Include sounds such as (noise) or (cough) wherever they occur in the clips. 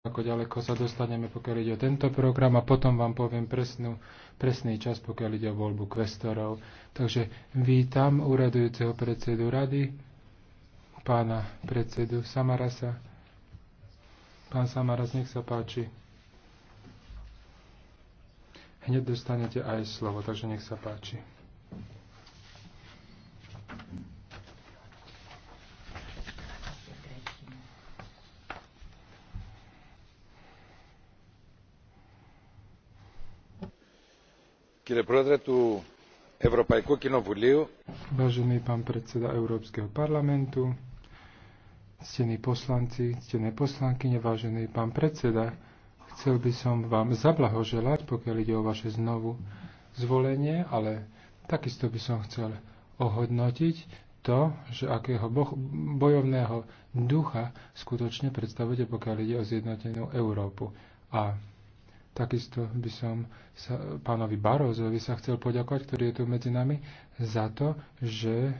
ako ďaleko sa dostaneme, pokiaľ ide o tento program a potom vám poviem presnú, presný čas, pokiaľ ide o voľbu kvestorov. Takže vítam úradujúceho predsedu rady, pána predsedu Samarasa. Pán Samaras, nech sa páči. Hneď dostanete aj slovo, takže nech sa páči. Vážený pán predseda Európskeho parlamentu, ctení poslanci, ctené poslankyne, vážený pán predseda, chcel by som vám zablahoželať, pokiaľ ide o vaše znovu zvolenie, ale takisto by som chcel ohodnotiť to, že akého bojovného ducha skutočne predstavujete, pokiaľ ide o zjednotenú Európu. A Takisto by som sa, pánovi Barozovi sa chcel poďakovať, ktorý je tu medzi nami, za to, že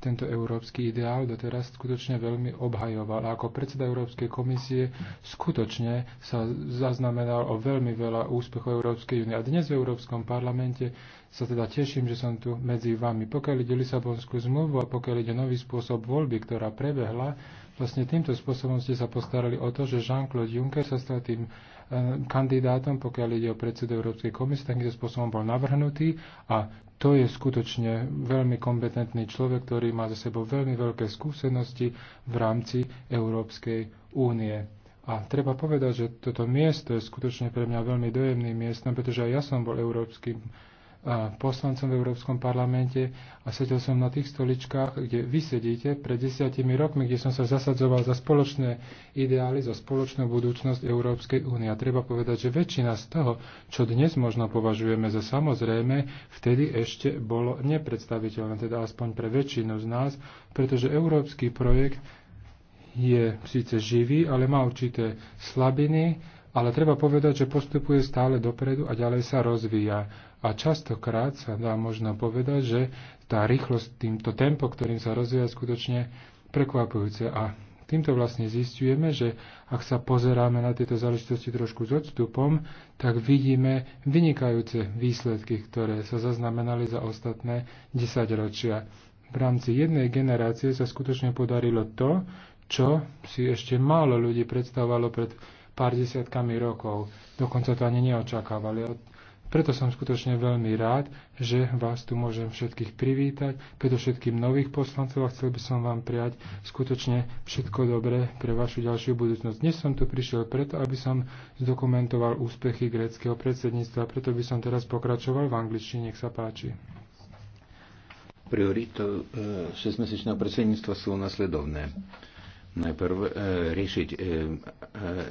tento európsky ideál doteraz skutočne veľmi obhajoval. A ako predseda Európskej komisie skutočne sa zaznamenal o veľmi veľa úspechov Európskej únie. A dnes v Európskom parlamente sa teda teším, že som tu medzi vami. Pokiaľ ide Lisabonskú zmluvu a pokiaľ ide nový spôsob voľby, ktorá prebehla, vlastne týmto spôsobom ste sa postarali o to, že Jean-Claude Juncker sa stal tým E, kandidátom, pokiaľ ide o predsedu Európskej komisie, takýmto spôsobom bol navrhnutý a to je skutočne veľmi kompetentný človek, ktorý má za sebou veľmi veľké skúsenosti v rámci Európskej únie. A treba povedať, že toto miesto je skutočne pre mňa veľmi dojemným miestom, pretože aj ja som bol európskym poslancom v Európskom parlamente a sedel som na tých stoličkách, kde vy sedíte pred desiatimi rokmi, kde som sa zasadzoval za spoločné ideály, za spoločnú budúcnosť Európskej únie. A treba povedať, že väčšina z toho, čo dnes možno považujeme za samozrejme, vtedy ešte bolo nepredstaviteľné, teda aspoň pre väčšinu z nás, pretože európsky projekt je síce živý, ale má určité slabiny, ale treba povedať, že postupuje stále dopredu a ďalej sa rozvíja. A častokrát sa dá možno povedať, že tá rýchlosť, týmto tempo, ktorým sa rozvíja, skutočne prekvapujúce. A týmto vlastne zistujeme, že ak sa pozeráme na tieto záležitosti trošku s odstupom, tak vidíme vynikajúce výsledky, ktoré sa zaznamenali za ostatné desaťročia. V rámci jednej generácie sa skutočne podarilo to, čo si ešte málo ľudí predstavovalo pred pár desiatkami rokov. Dokonca to ani neočakávali. Preto som skutočne veľmi rád, že vás tu môžem všetkých privítať, predovšetkým nových poslancov a chcel by som vám prijať skutočne všetko dobré pre vašu ďalšiu budúcnosť. Dnes som tu prišiel preto, aby som zdokumentoval úspechy gréckého predsedníctva, preto by som teraz pokračoval v angličtine, nech sa páči. Priorito eh, šestmesečného predsedníctva sú nasledovné najprv e, riešiť e, e,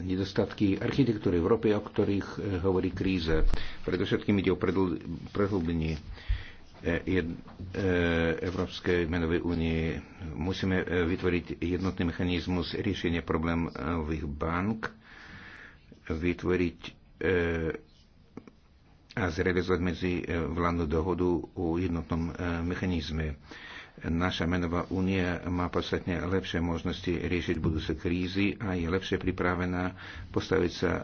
nedostatky architektúry Európy, o ktorých hovorí kríza. Predovšetkým ide o prehlbenie Európskej menovej únie. Musíme vytvoriť jednotný mechanizmus riešenia problémových bank, vytvoriť a zrealizovať medzi vládnu dohodu o jednotnom mechanizme naša menová únia má podstatne lepšie možnosti riešiť budúce krízy a je lepšie pripravená postaviť sa s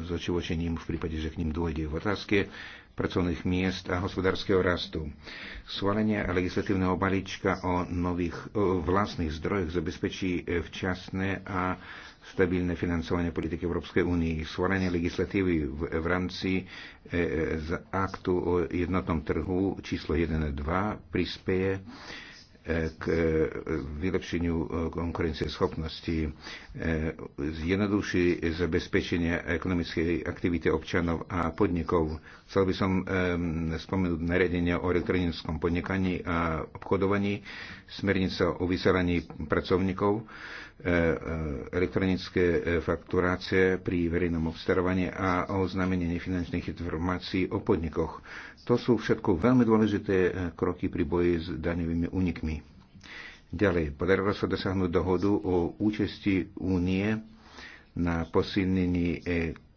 e, e, očivočením v prípade, že k ním dôjde v otázke pracovných miest a hospodárskeho rastu. Svalenie legislatívneho balíčka o nových o vlastných zdrojoch zabezpečí e, včasné a stabilné financovanie politiky Európskej únie, svorenie legislatívy v, v rámci e, z aktu o jednotnom trhu číslo 1 a 2 prispieje e, k e, vylepšeniu e, konkurencieschopnosti, zjednoduší zabezpečenie ekonomickej aktivity občanov a podnikov. Chcel by som spomenúť nariadenia o elektronickom podnikaní a obchodovaní, smernica o vysielaní pracovníkov, E, e, elektronické e, fakturácie pri verejnom obstarovaní a znamenie nefinančných informácií o podnikoch. To sú všetko veľmi dôležité kroky pri boji s daňovými únikmi. Ďalej, podarilo sa dosiahnuť dohodu o účasti únie na posilnení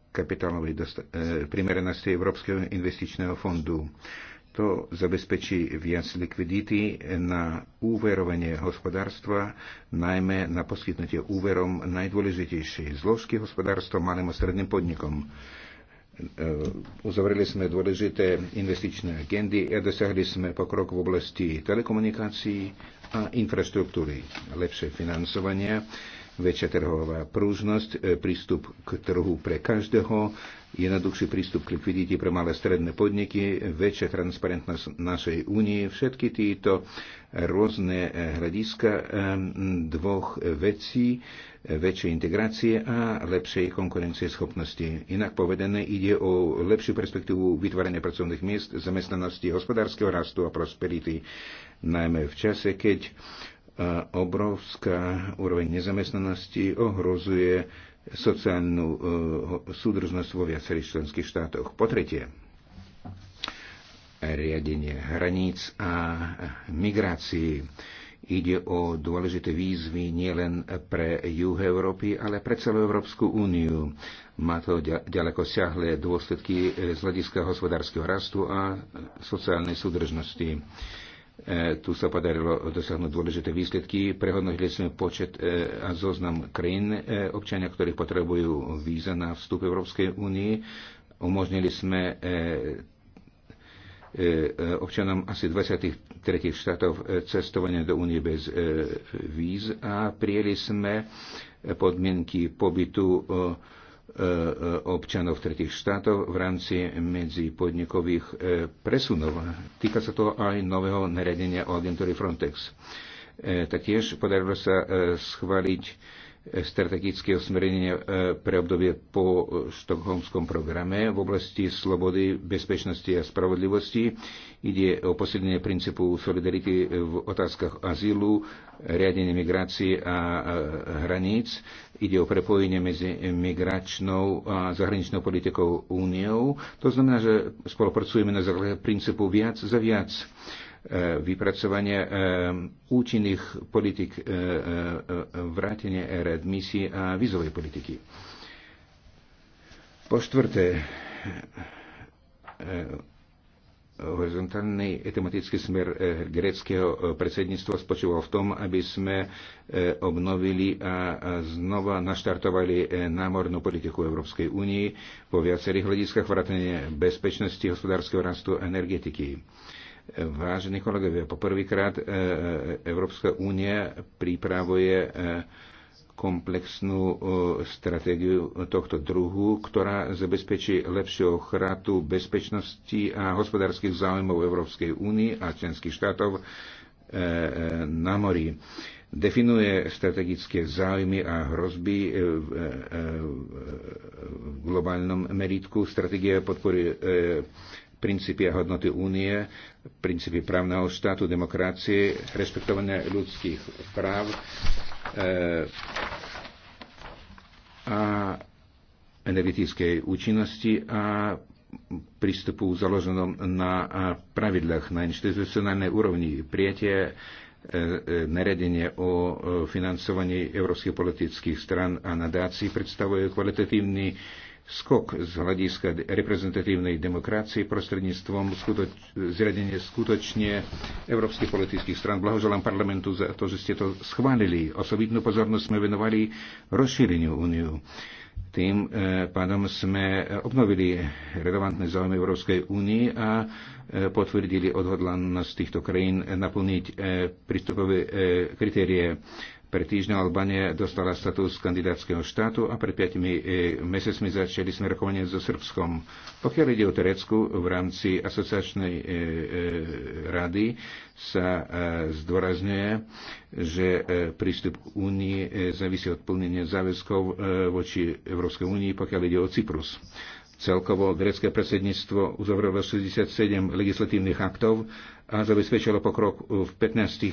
kapitálovej primeranosti Európskeho investičného fondu. To zabezpečí viac likvidity na úverovanie hospodárstva, najmä na poskytnutie úverom najdôležitejšej zložky hospodárstva malým a stredným podnikom. E, uzavreli sme dôležité investičné agendy a dosiahli sme pokrok v oblasti telekomunikácií a infraštruktúry, lepšie financovanie väčšia trhová prúžnosť, e, prístup k trhu pre každého, jednoduchší prístup k likvidite pre malé stredné podniky, väčšia transparentnosť našej únie. Všetky títo rôzne e, hľadiska e, dvoch vecí, väčšej integrácie a lepšej konkurencie schopnosti. Inak povedané, ide o lepšiu perspektívu vytvárania pracovných miest, zamestnanosti, hospodárskeho rastu a prosperity, najmä v čase, keď obrovská úroveň nezamestnanosti ohrozuje sociálnu eh, súdržnosť vo viacerých členských štátoch. Po tretie, riadenie hraníc a migrácií. Ide o dôležité výzvy nielen pre juh Európy, ale pre celú Európsku úniu. Má to ďaleko siahle dôsledky z hľadiska hospodárskeho rastu a sociálnej súdržnosti E, tu sa podarilo dosiahnuť dôležité výsledky. Prehodnotili sme počet e, a zoznam krajín e, občania, ktorí potrebujú víza na vstup Európskej únie. Umožnili sme občanom asi 23 štátov cestovania do únie bez víz a prijeli sme podmienky pobytu Eh, občanov tretich štátov v rámci medzipodnikových eh, presunov. Týka sa to aj nového nariadenia o agentúry Frontex. Eh, taktiež podarilo sa schváliť strategické osmerenie pre obdobie po štokholmskom programe v oblasti slobody, bezpečnosti a spravodlivosti. Ide o posilnenie princípu solidarity v otázkach azylu, riadenie migrácie a hraníc Ide o prepojenie medzi migračnou a zahraničnou politikou úniou. To znamená, že spolupracujeme na základe princípu viac za viac e, vypracovanie e, účinných politik e, vrátenie readmisí a vizovej politiky. Po štvrté, horizontálny tematický smer eh, greckého eh, predsedníctva spočíval v tom, aby sme eh, obnovili a znova naštartovali námornú politiku Európskej únie po viacerých hľadiskách vrátane bezpečnosti, hospodárskeho rastu a energetiky. Vážení kolegovia, poprvýkrát Európska únia pripravuje komplexnú e, stratégiu tohto druhu, ktorá zabezpečí lepšiu ochratu bezpečnosti a hospodárskych záujmov Európskej únie a členských štátov e, e, na mori. Definuje strategické záujmy a hrozby v globálnom meritku. Stratégia podporuje princípy a hodnoty únie, princípy právneho štátu, demokracie, rešpektovania ľudských práv e, a energetickej účinnosti a prístupu založenom na eh, pravidlách na inštitucionálnej úrovni prijatie eh, naredenie o financovaní európskych politických stran a nadácií predstavuje kvalitatívny skok z hľadiska reprezentatívnej demokracie prostredníctvom skutoč- zriadenie skutočne európskych politických stran. Blahoželám parlamentu za to, že ste to schválili. Osobitnú pozornosť sme venovali rozšíreniu úniu. Tým e, pádom sme obnovili relevantné záujmy Európskej únie a e, potvrdili odhodlanosť týchto krajín naplniť e, prístupové e, kritérie pre týždňa Albánia dostala status kandidátskeho štátu a pred 5 e, mesiacmi začali sme rokovanie so Srbskom. Pokiaľ ide o Terecku, v rámci asociačnej e, e, rady sa zdôrazňuje, že prístup k únii závisí od plnenia záväzkov voči Európskej únii, pokiaľ ide o Cyprus. Celkovo grecké predsedníctvo uzavrelo 67 legislatívnych aktov a zabezpečilo pokrok v 15 eh,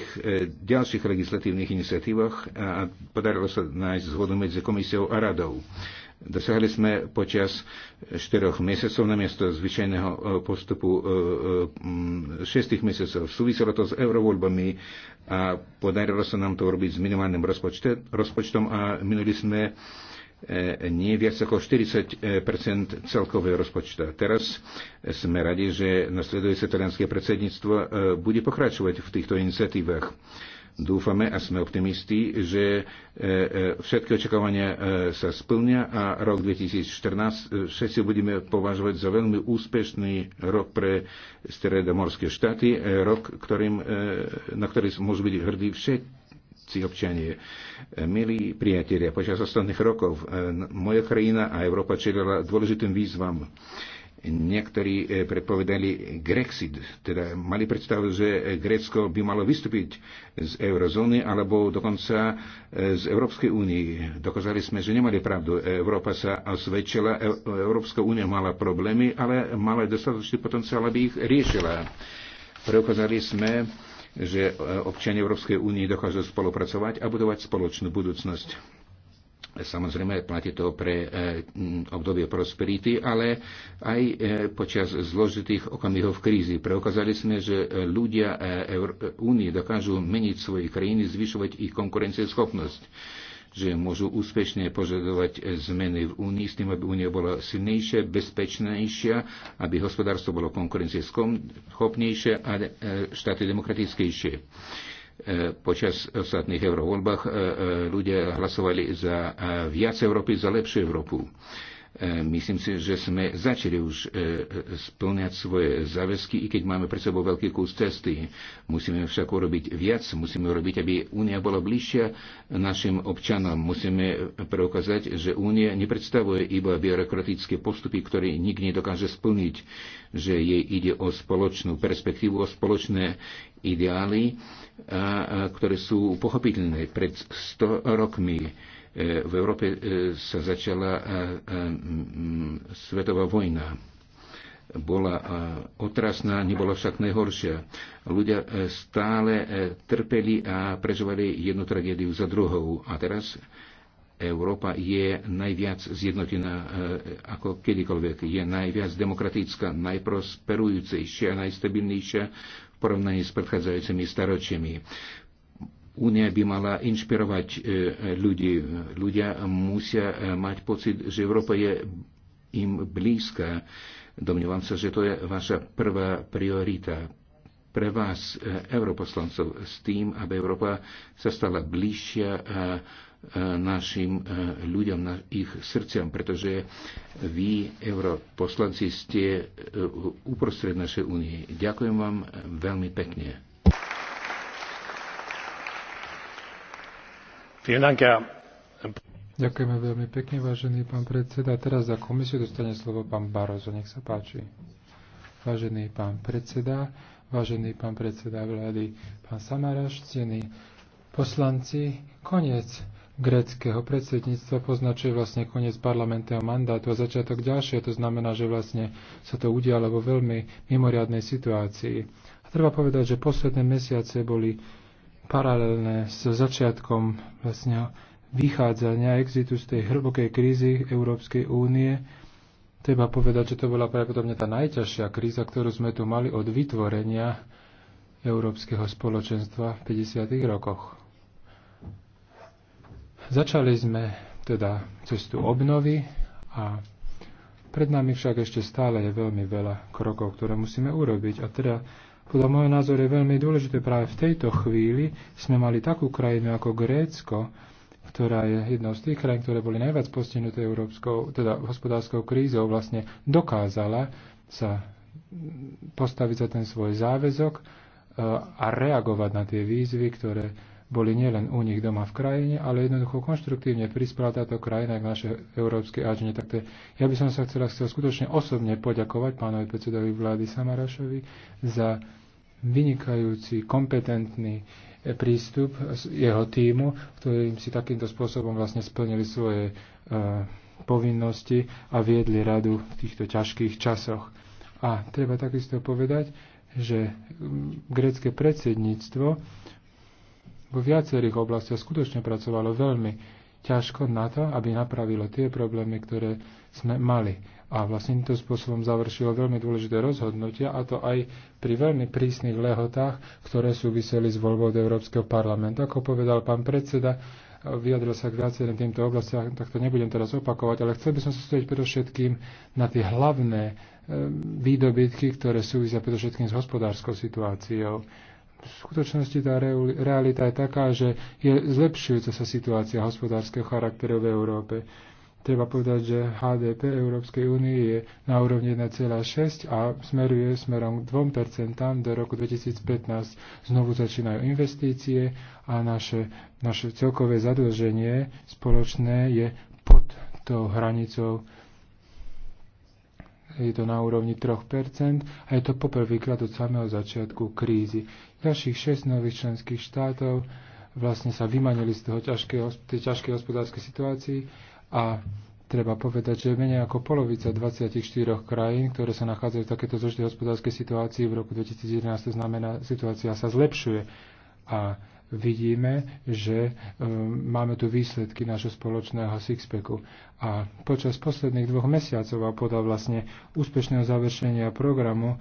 ďalších legislatívnych iniciatívach a podarilo sa nájsť zhodu medzi komisiou a radou. Dosiahli sme počas 4 mesiacov na miesto zvyčajného eh, postupu 6 eh, mesiacov. Súviselo to s eurovoľbami a podarilo sa nám to urobiť s minimálnym rozpočtom a minuli sme E, nie viac ako 40 e, celkového rozpočta. Teraz e, sme radi, že nasledujúce talianské predsedníctvo bude pokračovať v týchto iniciatívach. Dúfame a sme optimisti, že všetky očakávania sa splnia a rok 2014 všetci budeme považovať za veľmi úspešný rok pre stredomorské štáty, rok, ktorým, na ktorý môžu byť hrdí všetci všetci občanie. Milí priatelia, počas ostatných rokov e, moja krajina a Európa čelila dôležitým výzvam. Niektorí e, predpovedali Grexit, teda mali predstavu, že Grécko by malo vystúpiť z eurozóny alebo dokonca e, z Európskej únie. Dokázali sme, že nemali pravdu. Európa sa osvedčila, Európska únia mala problémy, ale mala dostatočný potenciál, aby ich riešila. Preukázali sme, že e, občania Európskej únie dokážu spolupracovať a budovať spoločnú budúcnosť. Samozrejme, platí to pre e, obdobie prosperity, ale aj e, počas zložitých okamihov krízy. Preukázali sme, že ľudia únie dokážu meniť svoje krajiny, zvyšovať ich konkurencieschopnosť že môžu úspešne požadovať zmeny v Únii s tým, aby Únia bola silnejšia, bezpečnejšia, aby hospodárstvo bolo konkurencieschopnejšie a e, štáty demokratickejšie e, počas ostatných eurovoľbách e, ľudia hlasovali za viac Európy, za lepšiu Európu. E, myslím si, že sme začali už e, e, splňať svoje záväzky, i keď máme pred sebou veľký kus cesty. Musíme však urobiť viac, musíme urobiť, aby Únia bola bližšia našim občanom. Musíme preukázať, že Únia nepredstavuje iba byrokratické postupy, ktoré nik nedokáže splniť, že jej ide o spoločnú perspektívu, o spoločné ideály, ktoré sú pochopiteľné pred 100 rokmi E, v Európe e, sa začala e, svetová vojna. Bola otrasná, nebola však najhoršia. Ľudia stále trpeli a prežovali jednu tragédiu za druhou. A teraz Európa je najviac zjednotená ako kedykoľvek. Je najviac demokratická, najprosperujúcejšia, najstabilnejšia v porovnaní s predchádzajúcimi staročiami. Únia by mala inšpirovať e, ľudí. Ľudia musia e, mať pocit, že Európa je im blízka. Domnívam sa, že to je vaša prvá priorita pre vás, e, europoslancov, s tým, aby Európa sa stala bližšia našim ľuďom, na ich srdciam, pretože vy, europoslanci, ste uprostred našej únie. Ďakujem vám veľmi pekne. Ďakujeme veľmi pekne, vážený pán predseda. Teraz za komisiu dostane slovo pán Barozo. Nech sa páči. Vážený pán predseda, vážený pán predseda vlády, pán Samaraš, ctení poslanci, koniec gréckého predsedníctva poznačuje vlastne koniec parlamentného mandátu a začiatok ďalšieho. To znamená, že vlastne sa to udialo vo veľmi mimoriadnej situácii. A treba povedať, že posledné mesiace boli paralelné s začiatkom vlastne vychádzania exitu z tej hrbokej krízy Európskej únie. Treba povedať, že to bola pravdepodobne tá najťažšia kríza, ktorú sme tu mali od vytvorenia Európskeho spoločenstva v 50. rokoch. Začali sme teda cestu obnovy a pred nami však ešte stále je veľmi veľa krokov, ktoré musíme urobiť. A teda podľa môjho názoru je veľmi dôležité práve v tejto chvíli sme mali takú krajinu ako Grécko, ktorá je jednou z tých krajín, ktoré boli najviac postihnuté európskou, teda hospodárskou krízou, vlastne dokázala sa postaviť za ten svoj záväzok e, a reagovať na tie výzvy, ktoré boli nielen u nich doma v krajine, ale jednoducho konštruktívne prispela táto krajina k našej európskej ažne. Takže ja by som sa chcel chcel skutočne osobne poďakovať pánovi predsedovi vlády Samarašovi za vynikajúci, kompetentný e, prístup jeho týmu, ktorým si takýmto spôsobom vlastne splnili svoje e, povinnosti a viedli radu v týchto ťažkých časoch. A treba takisto povedať, že grecké predsedníctvo vo viacerých oblastiach skutočne pracovalo veľmi ťažko na to, aby napravilo tie problémy, ktoré sme mali. A vlastne týmto spôsobom završilo veľmi dôležité rozhodnutia, a to aj pri veľmi prísnych lehotách, ktoré súviseli s voľbou do Európskeho parlamentu. Ako povedal pán predseda, vyjadril sa k viacerým týmto oblastiach, tak to nebudem teraz opakovať, ale chcel by som sa sústrediť predovšetkým na tie hlavné eh, výdobytky, ktoré súvisia predovšetkým s hospodárskou situáciou v skutočnosti tá realita je taká, že je zlepšujúca sa situácia hospodárskeho charakteru v Európe. Treba povedať, že HDP Európskej únie je na úrovni 1,6 a smeruje smerom k 2% do roku 2015. Znovu začínajú investície a naše, naše celkové zadlženie spoločné je pod tou hranicou je to na úrovni 3% a je to poprvýkrát od samého začiatku krízy. Ďalších 6 nových členských štátov vlastne sa vymanili z toho ťažkého, tej ťažkej hospodárskej situácii a treba povedať, že menej ako polovica 24 krajín, ktoré sa nachádzajú v takéto zložitej hospodárskej situácii v roku 2011, to znamená, situácia sa zlepšuje. A vidíme, že e, máme tu výsledky nášho spoločného sixpacku. A počas posledných dvoch mesiacov a podľa vlastne úspešného završenia programu e,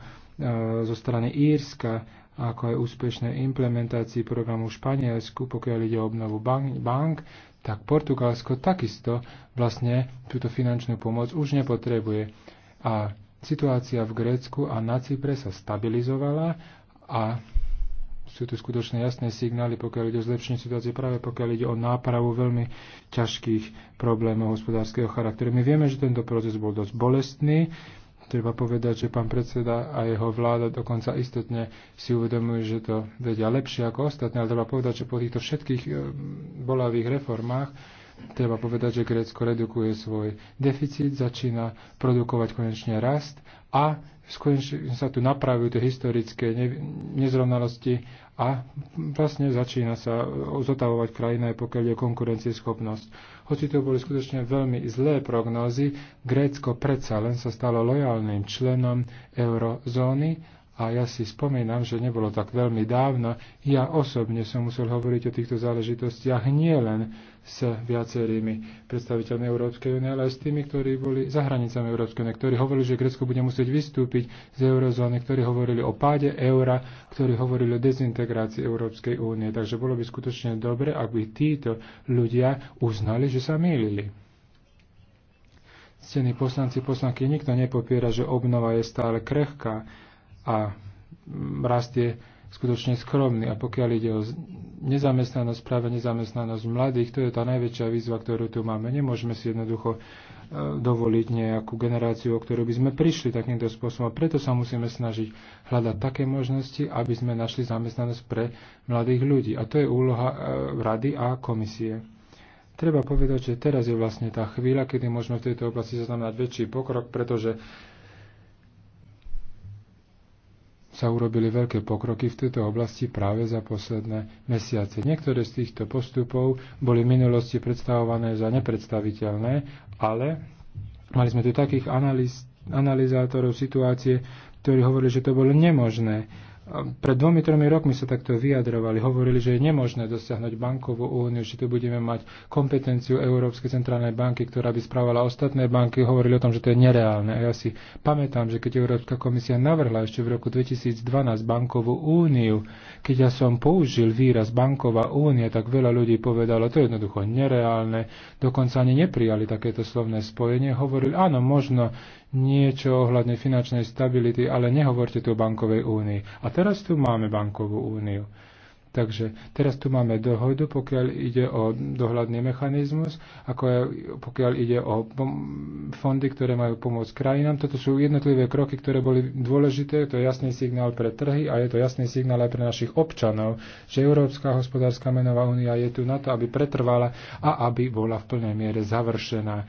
zo strany Írska, ako aj úspešnej implementácii programu v Španielsku, pokiaľ ide o obnovu bank, bank tak Portugalsko takisto vlastne túto finančnú pomoc už nepotrebuje. A situácia v Grécku a na Cypre sa stabilizovala a sú tu skutočne jasné signály, pokiaľ ide o zlepšenie situácie, práve pokiaľ ide o nápravu veľmi ťažkých problémov hospodárskeho charakteru. My vieme, že tento proces bol dosť bolestný, treba povedať, že pán predseda a jeho vláda dokonca istotne si uvedomujú, že to vedia lepšie ako ostatní, ale treba povedať, že po týchto všetkých e, bolavých reformách treba povedať, že Grécko redukuje svoj deficit, začína produkovať konečne rast a skončí, sa tu napravujú tie historické ne, nezrovnalosti a vlastne začína sa zotavovať krajina, pokiaľ je konkurencieschopnosť. Hoci to boli skutočne veľmi zlé prognózy, Grécko predsa len sa stalo lojálnym členom eurozóny a ja si spomínam, že nebolo tak veľmi dávno, ja osobne som musel hovoriť o týchto záležitostiach nie len s viacerými predstaviteľmi Európskej únie, ale aj s tými, ktorí boli za hranicami Európskej únie, ktorí hovorili, že Grécko bude musieť vystúpiť z eurozóny, ktorí hovorili o páde eura, ktorí hovorili o dezintegrácii Európskej únie. Takže bolo by skutočne dobre, ak by títo ľudia uznali, že sa mýlili. Cení poslanci, poslanky, nikto nepopiera, že obnova je stále krehká a rast je skutočne skromný. A pokiaľ ide o nezamestnanosť, práve nezamestnanosť mladých, to je tá najväčšia výzva, ktorú tu máme. Nemôžeme si jednoducho e, dovoliť nejakú generáciu, o ktorú by sme prišli takýmto spôsobom. A preto sa musíme snažiť hľadať také možnosti, aby sme našli zamestnanosť pre mladých ľudí. A to je úloha e, rady a komisie. Treba povedať, že teraz je vlastne tá chvíľa, kedy môžeme v tejto oblasti zaznamenať väčší pokrok, pretože sa urobili veľké pokroky v tejto oblasti práve za posledné mesiace. Niektoré z týchto postupov boli v minulosti predstavované za nepredstaviteľné, ale mali sme tu takých analiz, analyzátorov situácie, ktorí hovorili, že to bolo nemožné pred dvomi, tromi rokmi sa takto vyjadrovali. Hovorili, že je nemožné dosiahnuť bankovú úniu, že tu budeme mať kompetenciu Európskej centrálnej banky, ktorá by správala ostatné banky. Hovorili o tom, že to je nereálne. A ja si pamätám, že keď Európska komisia navrhla ešte v roku 2012 bankovú úniu, keď ja som použil výraz banková únia, tak veľa ľudí povedalo, to je jednoducho nereálne. Dokonca ani neprijali takéto slovné spojenie. Hovorili, áno, možno niečo ohľadne finančnej stability, ale nehovorte tu o bankovej únii. A teraz tu máme bankovú úniu. Takže teraz tu máme dohodu, pokiaľ ide o dohľadný mechanizmus, ako je, pokiaľ ide o fondy, ktoré majú pomôcť krajinám. Toto sú jednotlivé kroky, ktoré boli dôležité. To je jasný signál pre trhy a je to jasný signál aj pre našich občanov, že Európska hospodárska menová únia je tu na to, aby pretrvala a aby bola v plnej miere završená.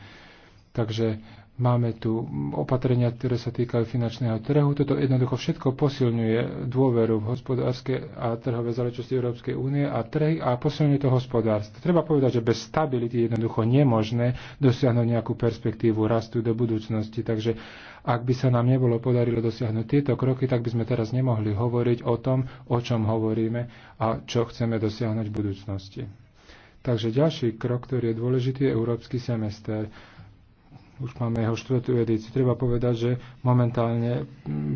Takže Máme tu opatrenia, ktoré sa týkajú finančného trhu. Toto jednoducho všetko posilňuje dôveru v hospodárske a trhové záležitosti Európskej únie a trhy a posilňuje to hospodárstvo. Treba povedať, že bez stability je jednoducho nemožné dosiahnuť nejakú perspektívu rastu do budúcnosti. Takže ak by sa nám nebolo podarilo dosiahnuť tieto kroky, tak by sme teraz nemohli hovoriť o tom, o čom hovoríme a čo chceme dosiahnuť v budúcnosti. Takže ďalší krok, ktorý je dôležitý, je európsky semester už máme jeho štvrtú edíciu. Treba povedať, že momentálne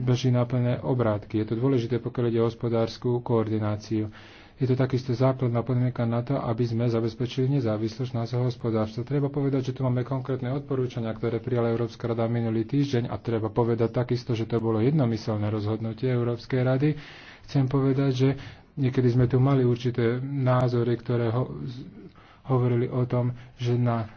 beží naplné obrátky. Je to dôležité, pokiaľ ide o hospodárskú koordináciu. Je to takisto základná podmienka na to, aby sme zabezpečili nezávislosť nášho hospodárstva. Treba povedať, že tu máme konkrétne odporúčania, ktoré prijala Európska rada minulý týždeň a treba povedať takisto, že to bolo jednomyselné rozhodnutie Európskej rady. Chcem povedať, že niekedy sme tu mali určité názory, ktoré ho, hovorili o tom, že na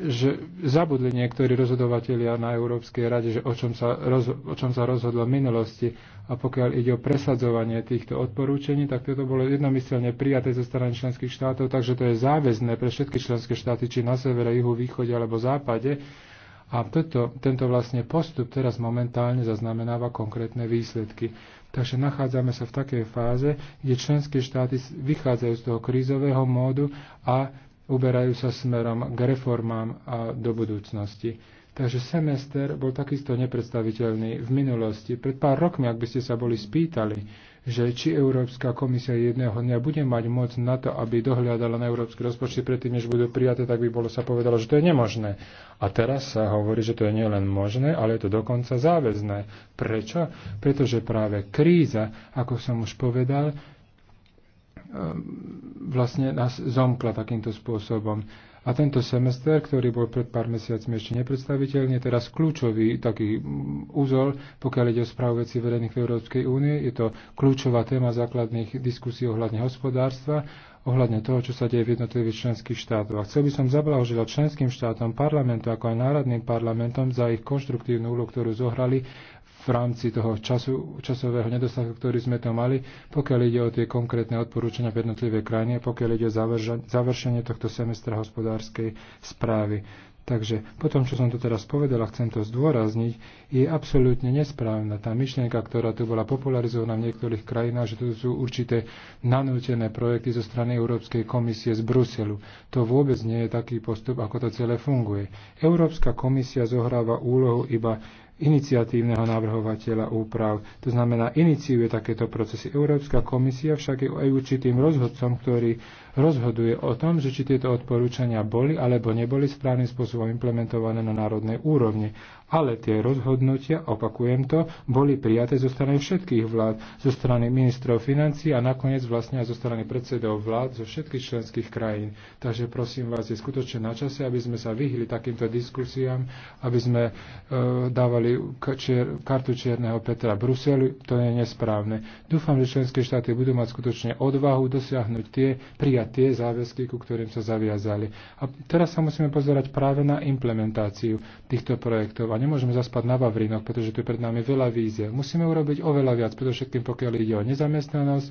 že zabudli niektorí rozhodovatelia na Európskej rade, že o čom, sa o čom sa rozhodlo v minulosti. A pokiaľ ide o presadzovanie týchto odporúčení, tak toto bolo jednomyselne prijaté zo strany členských štátov, takže to je záväzné pre všetky členské štáty, či na severe, juhu, východe alebo západe. A toto, tento vlastne postup teraz momentálne zaznamenáva konkrétne výsledky. Takže nachádzame sa v takej fáze, kde členské štáty vychádzajú z toho krízového módu a uberajú sa smerom k reformám a do budúcnosti. Takže semester bol takisto nepredstaviteľný v minulosti. Pred pár rokmi, ak by ste sa boli spýtali, že či Európska komisia jedného dňa bude mať moc na to, aby dohľadala na európsky rozpočet predtým, než budú prijaté, tak by bolo sa povedalo, že to je nemožné. A teraz sa hovorí, že to je nielen možné, ale je to dokonca záväzné. Prečo? Pretože práve kríza, ako som už povedal, Ehm, vlastne nás zomkla takýmto spôsobom. A tento semester, ktorý bol pred pár mesiacmi ešte nepredstaviteľný, je teraz kľúčový taký úzol, pokiaľ ide o správu veci verejných v Európskej únie. Je to kľúčová téma základných diskusí ohľadne hospodárstva, ohľadne toho, čo sa deje v jednotlivých členských štátoch. A chcel by som zablahožiť členským štátom, parlamentu, ako aj národným parlamentom za ich konštruktívnu úlohu, ktorú zohrali v rámci toho času, časového nedostatku, ktorý sme to mali, pokiaľ ide o tie konkrétne odporúčania v jednotlivé krajine, pokiaľ ide o završenie tohto semestra hospodárskej správy. Takže po tom, čo som tu teraz a chcem to zdôrazniť, je absolútne nesprávna tá myšlienka, ktorá tu bola popularizovaná v niektorých krajinách, že tu sú určité nanútené projekty zo strany Európskej komisie z Bruselu. To vôbec nie je taký postup, ako to celé funguje. Európska komisia zohráva úlohu iba iniciatívneho navrhovateľa úprav. To znamená, iniciuje takéto procesy. Európska komisia však je aj určitým rozhodcom, ktorý rozhoduje o tom, že či tieto odporúčania boli alebo neboli správnym spôsobom implementované na národnej úrovni. Ale tie rozhodnutia, opakujem to, boli prijaté zo strany všetkých vlád, zo strany ministrov financí a nakoniec vlastne aj zo strany predsedov vlád zo všetkých členských krajín. Takže prosím vás, je skutočne na čase, aby sme sa vyhli takýmto diskusiám, aby sme e, dávali čier, kartu Čierneho Petra Bruselu, to je nesprávne. Dúfam, že členské štáty budú mať skutočne odvahu dosiahnuť tie, prijať tie záväzky, ku ktorým sa zaviazali. A teraz sa musíme pozerať práve na implementáciu týchto projektov a nemôžeme zaspať na Vavrinoch, pretože tu pred nami veľa vízie. Musíme urobiť oveľa viac, pretože všetkým pokiaľ ide o nezamestnanosť,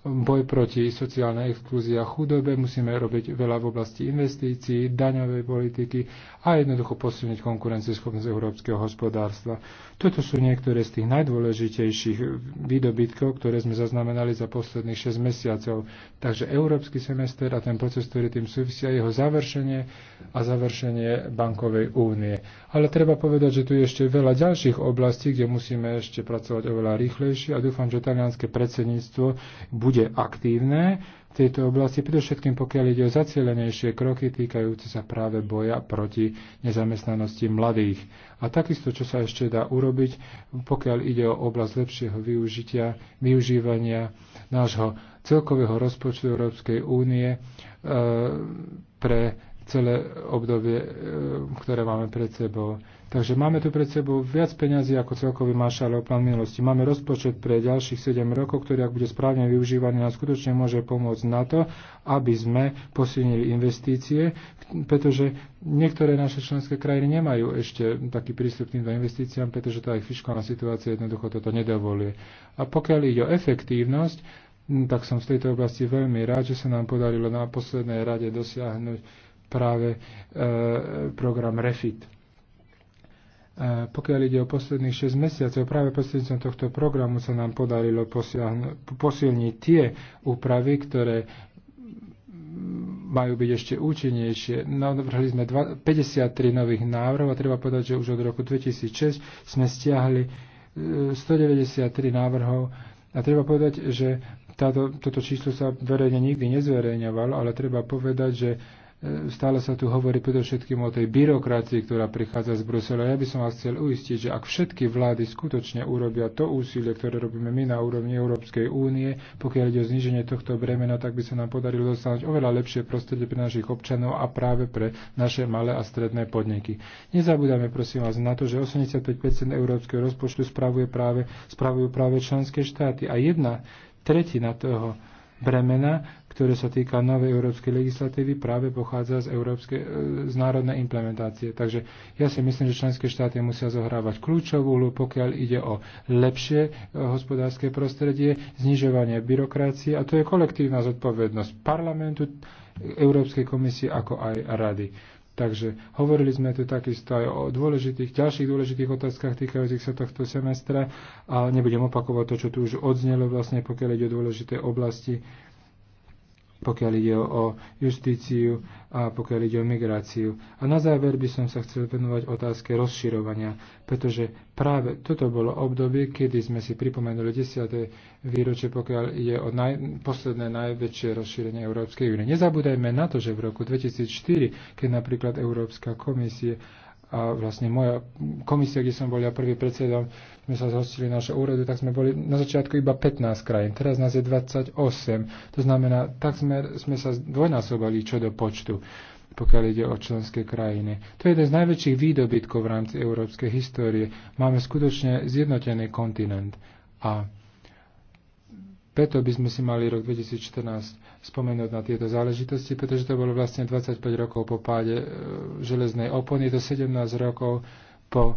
boj proti sociálnej exklúzii a chudobe, musíme robiť veľa v oblasti investícií, daňovej politiky a jednoducho posilniť konkurencieschopnosť európskeho hospodárstva. Toto sú niektoré z tých najdôležitejších výdobytkov, ktoré sme zaznamenali za posledných 6 mesiacov. Takže európsky semester a ten proces, ktorý tým súvisia, jeho završenie a završenie bankovej únie. Ale treba povedať, že tu je ešte veľa ďalších oblastí, kde musíme ešte pracovať oveľa rýchlejšie a dúfam, že talianské predsedníctvo bude aktívne v tejto oblasti, predovšetkým pokiaľ ide o zacielenejšie kroky týkajúce sa práve boja proti nezamestnanosti mladých. A takisto, čo sa ešte dá urobiť, pokiaľ ide o oblasť lepšieho využitia, využívania nášho celkového rozpočtu Európskej únie e, pre celé obdobie, e, ktoré máme pred sebou. Takže máme tu pred sebou viac peňazí ako celkový o plán minulosti. Máme rozpočet pre ďalších 7 rokov, ktorý, ak bude správne využívaný, nás skutočne môže pomôcť na to, aby sme posilnili investície, pretože niektoré naše členské krajiny nemajú ešte taký prístup k týmto investíciám, pretože tá ich fiskálna situácia jednoducho toto nedovoluje. A pokiaľ ide o efektívnosť, tak som v tejto oblasti veľmi rád, že sa nám podarilo na poslednej rade dosiahnuť práve e, program REFIT. E, pokiaľ ide o posledných 6 mesiacov, práve posledným tohto programu sa nám podarilo posilniť tie úpravy, ktoré majú byť ešte účinnejšie. Navrhli sme 53 nových návrhov a treba povedať, že už od roku 2006 sme stiahli 193 e, návrhov a treba povedať, že táto, toto číslo sa verejne nikdy nezverejňovalo, ale treba povedať, že Stále sa tu hovorí predovšetkým o tej byrokracii, ktorá prichádza z Bruselu. Ja by som vás chcel uistiť, že ak všetky vlády skutočne urobia to úsilie, ktoré robíme my na úrovni Európskej únie, pokiaľ ide o zníženie tohto bremena, tak by sa nám podarilo dostať oveľa lepšie prostredie pre našich občanov a práve pre naše malé a stredné podniky. Nezabúdame prosím vás na to, že 85% európskeho rozpočtu spravuje práve, spravujú práve členské štáty a jedna tretina toho bremena, ktoré sa týka novej európskej legislatívy, práve pochádza z, európske, e, z národnej implementácie. Takže ja si myslím, že členské štáty musia zohrávať kľúčovú úlohu, pokiaľ ide o lepšie e, hospodárske prostredie, znižovanie byrokracie a to je kolektívna zodpovednosť parlamentu, Európskej komisie ako aj rady. Takže hovorili sme tu takisto aj o dôležitých, ďalších dôležitých otázkach týkajúcich sa tohto semestra a nebudem opakovať to, čo tu už odznelo vlastne, pokiaľ ide o dôležité oblasti pokiaľ ide o justíciu a pokiaľ ide o migráciu. A na záver by som sa chcel venovať otázke rozširovania, pretože práve toto bolo obdobie, kedy sme si pripomenuli 10. výročie, pokiaľ ide o naj, posledné najväčšie rozšírenie Európskej únie. Nezabúdajme na to, že v roku 2004, keď napríklad Európska komisie a vlastne moja komisia, kde som bol ja prvý predseda, sme sa zhostili naše úradu, tak sme boli na začiatku iba 15 krajín, teraz nás je 28. To znamená, sme, sme sa dvojnásobali čo do počtu pokiaľ ide o členské krajiny. To je jeden z najväčších výdobytkov v rámci európskej histórie. Máme skutočne zjednotený kontinent. A preto by sme si mali rok 2014 spomenúť na tieto záležitosti, pretože to bolo vlastne 25 rokov po páde e, železnej opony, je to 17 rokov po e,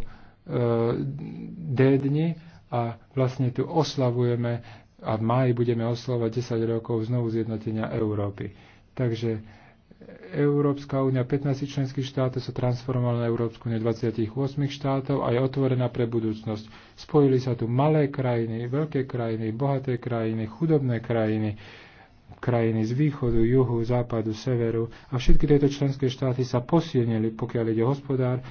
D dni a vlastne tu oslavujeme a v máji budeme oslovať 10 rokov znovu zjednotenia Európy. Takže Európska únia 15 členských štátov sa transformovala na Európsku úniu 28 štátov a je otvorená pre budúcnosť. Spojili sa tu malé krajiny, veľké krajiny, bohaté krajiny, chudobné krajiny, krajiny z východu, juhu, západu, severu a všetky tieto členské štáty sa posilnili, pokiaľ ide, hospodár,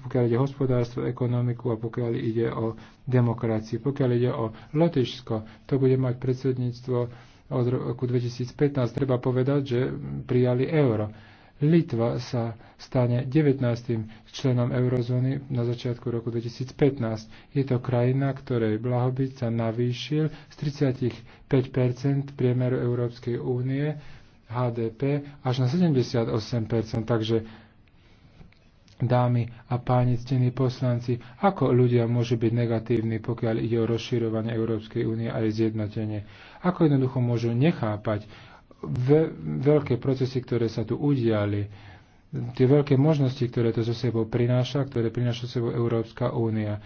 pokiaľ ide hospodárstvo, ekonomiku a pokiaľ ide o demokraciu. Pokiaľ ide o Lotyšsko, to bude mať predsedníctvo od roku 2015, treba povedať, že prijali euro. Litva sa stane 19. členom eurozóny na začiatku roku 2015. Je to krajina, ktorej blahobyt sa navýšil z 35 priemeru Európskej únie HDP až na 78 takže dámy a páni ctení poslanci, ako ľudia môžu byť negatívni, pokiaľ ide o rozširovanie Európskej únie a jej zjednotenie. Ako jednoducho môžu nechápať ve- veľké procesy, ktoré sa tu udiali, tie veľké možnosti, ktoré to so sebou prináša, ktoré prináša so sebou Európska únia,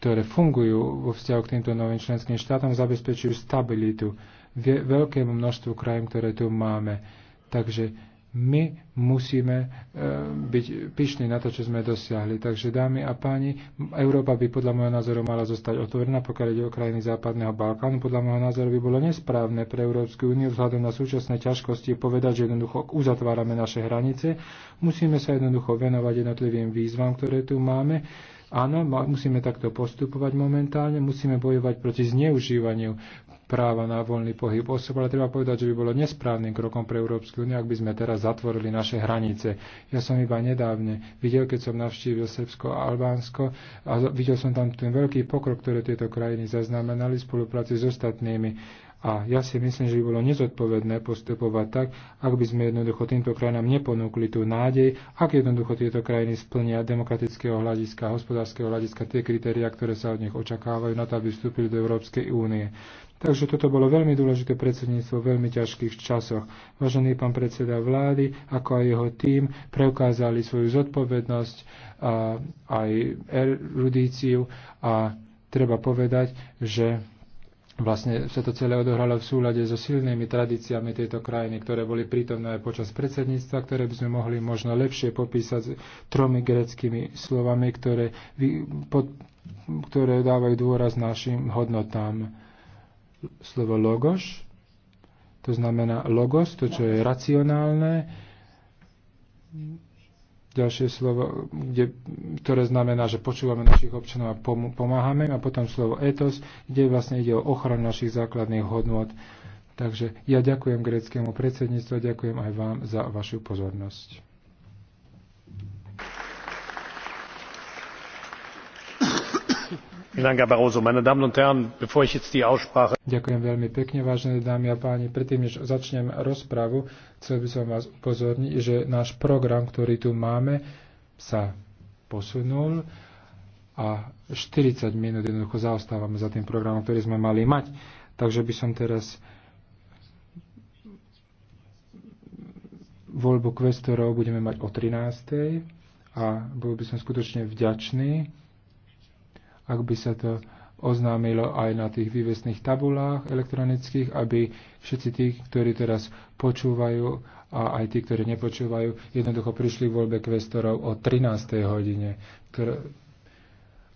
ktoré fungujú vo vzťahu k týmto novým členským štátom, zabezpečujú stabilitu veľkému množstvu krajín, ktoré tu máme. Takže my musíme e, byť pyšní na to, čo sme dosiahli. Takže, dámy a páni, Európa by podľa môjho názoru mala zostať otvorená, pokiaľ ide o krajiny Západného Balkánu. Podľa môjho názoru by bolo nesprávne pre Európsku úniu vzhľadom na súčasné ťažkosti povedať, že jednoducho uzatvárame naše hranice. Musíme sa jednoducho venovať jednotlivým výzvam, ktoré tu máme. Áno, musíme takto postupovať momentálne, musíme bojovať proti zneužívaniu práva na voľný pohyb osob, ale treba povedať, že by bolo nesprávnym krokom pre Európsku úniu, ak by sme teraz zatvorili naše hranice. Ja som iba nedávne videl, keď som navštívil Srbsko a Albánsko a videl som tam ten veľký pokrok, ktoré tieto krajiny zaznamenali v spolupráci s ostatnými. A ja si myslím, že by bolo nezodpovedné postupovať tak, ak by sme jednoducho týmto krajinám neponúkli tú nádej, ak jednoducho tieto krajiny splnia demokratického hľadiska, hospodárskeho hľadiska tie kritériá, ktoré sa od nich očakávajú na to, aby vstúpili do Európskej únie. Takže toto bolo veľmi dôležité predsedníctvo v veľmi ťažkých časoch. Vážený pán predseda vlády, ako aj jeho tým, preukázali svoju zodpovednosť, a, aj erudíciu a treba povedať, že Vlastne sa to celé odohralo v súlade so silnými tradíciami tejto krajiny, ktoré boli prítomné aj počas predsedníctva, ktoré by sme mohli možno lepšie popísať tromi greckými slovami, ktoré, pod, ktoré dávajú dôraz našim hodnotám slovo logoš, to znamená logos, to, čo je racionálne, ďalšie slovo, kde, ktoré znamená, že počúvame našich občanov a pomáhame, a potom slovo etos, kde vlastne ide o ochranu našich základných hodnot. Takže ja ďakujem gréckému predsedníctvu a ďakujem aj vám za vašu pozornosť. Ďakujem veľmi pekne, vážené dámy a páni. Predtým, než začnem rozpravu, chcel by som vás upozorniť, že náš program, ktorý tu máme, sa posunul a 40 minút jednoducho zaostávame za tým programom, ktorý sme mali mať. Takže by som teraz voľbu kvestorov budeme mať o 13. a bol by som skutočne vďačný, ak by sa to oznámilo aj na tých vývesných tabulách elektronických, aby všetci tí, ktorí teraz počúvajú a aj tí, ktorí nepočúvajú, jednoducho prišli k voľbe kvestorov o 13. hodine. Ktoré,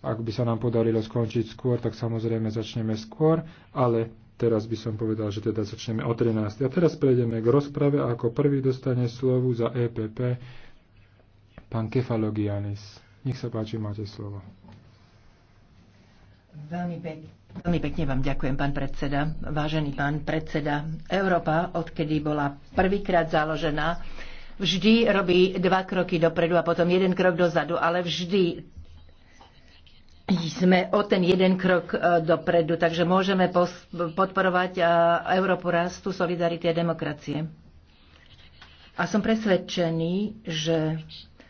ak by sa nám podarilo skončiť skôr, tak samozrejme začneme skôr, ale teraz by som povedal, že teda začneme o 13. A teraz prejdeme k rozprave a ako prvý dostane slovu za EPP pán Kefalogianis. Nech sa páči, máte slovo. Veľmi pekne. Veľmi pekne vám ďakujem, pán predseda. Vážený pán predseda, Európa, odkedy bola prvýkrát založená, vždy robí dva kroky dopredu a potom jeden krok dozadu, ale vždy sme o ten jeden krok e, dopredu, takže môžeme podporovať e, Európu rastu, solidarity a demokracie. A som presvedčený, že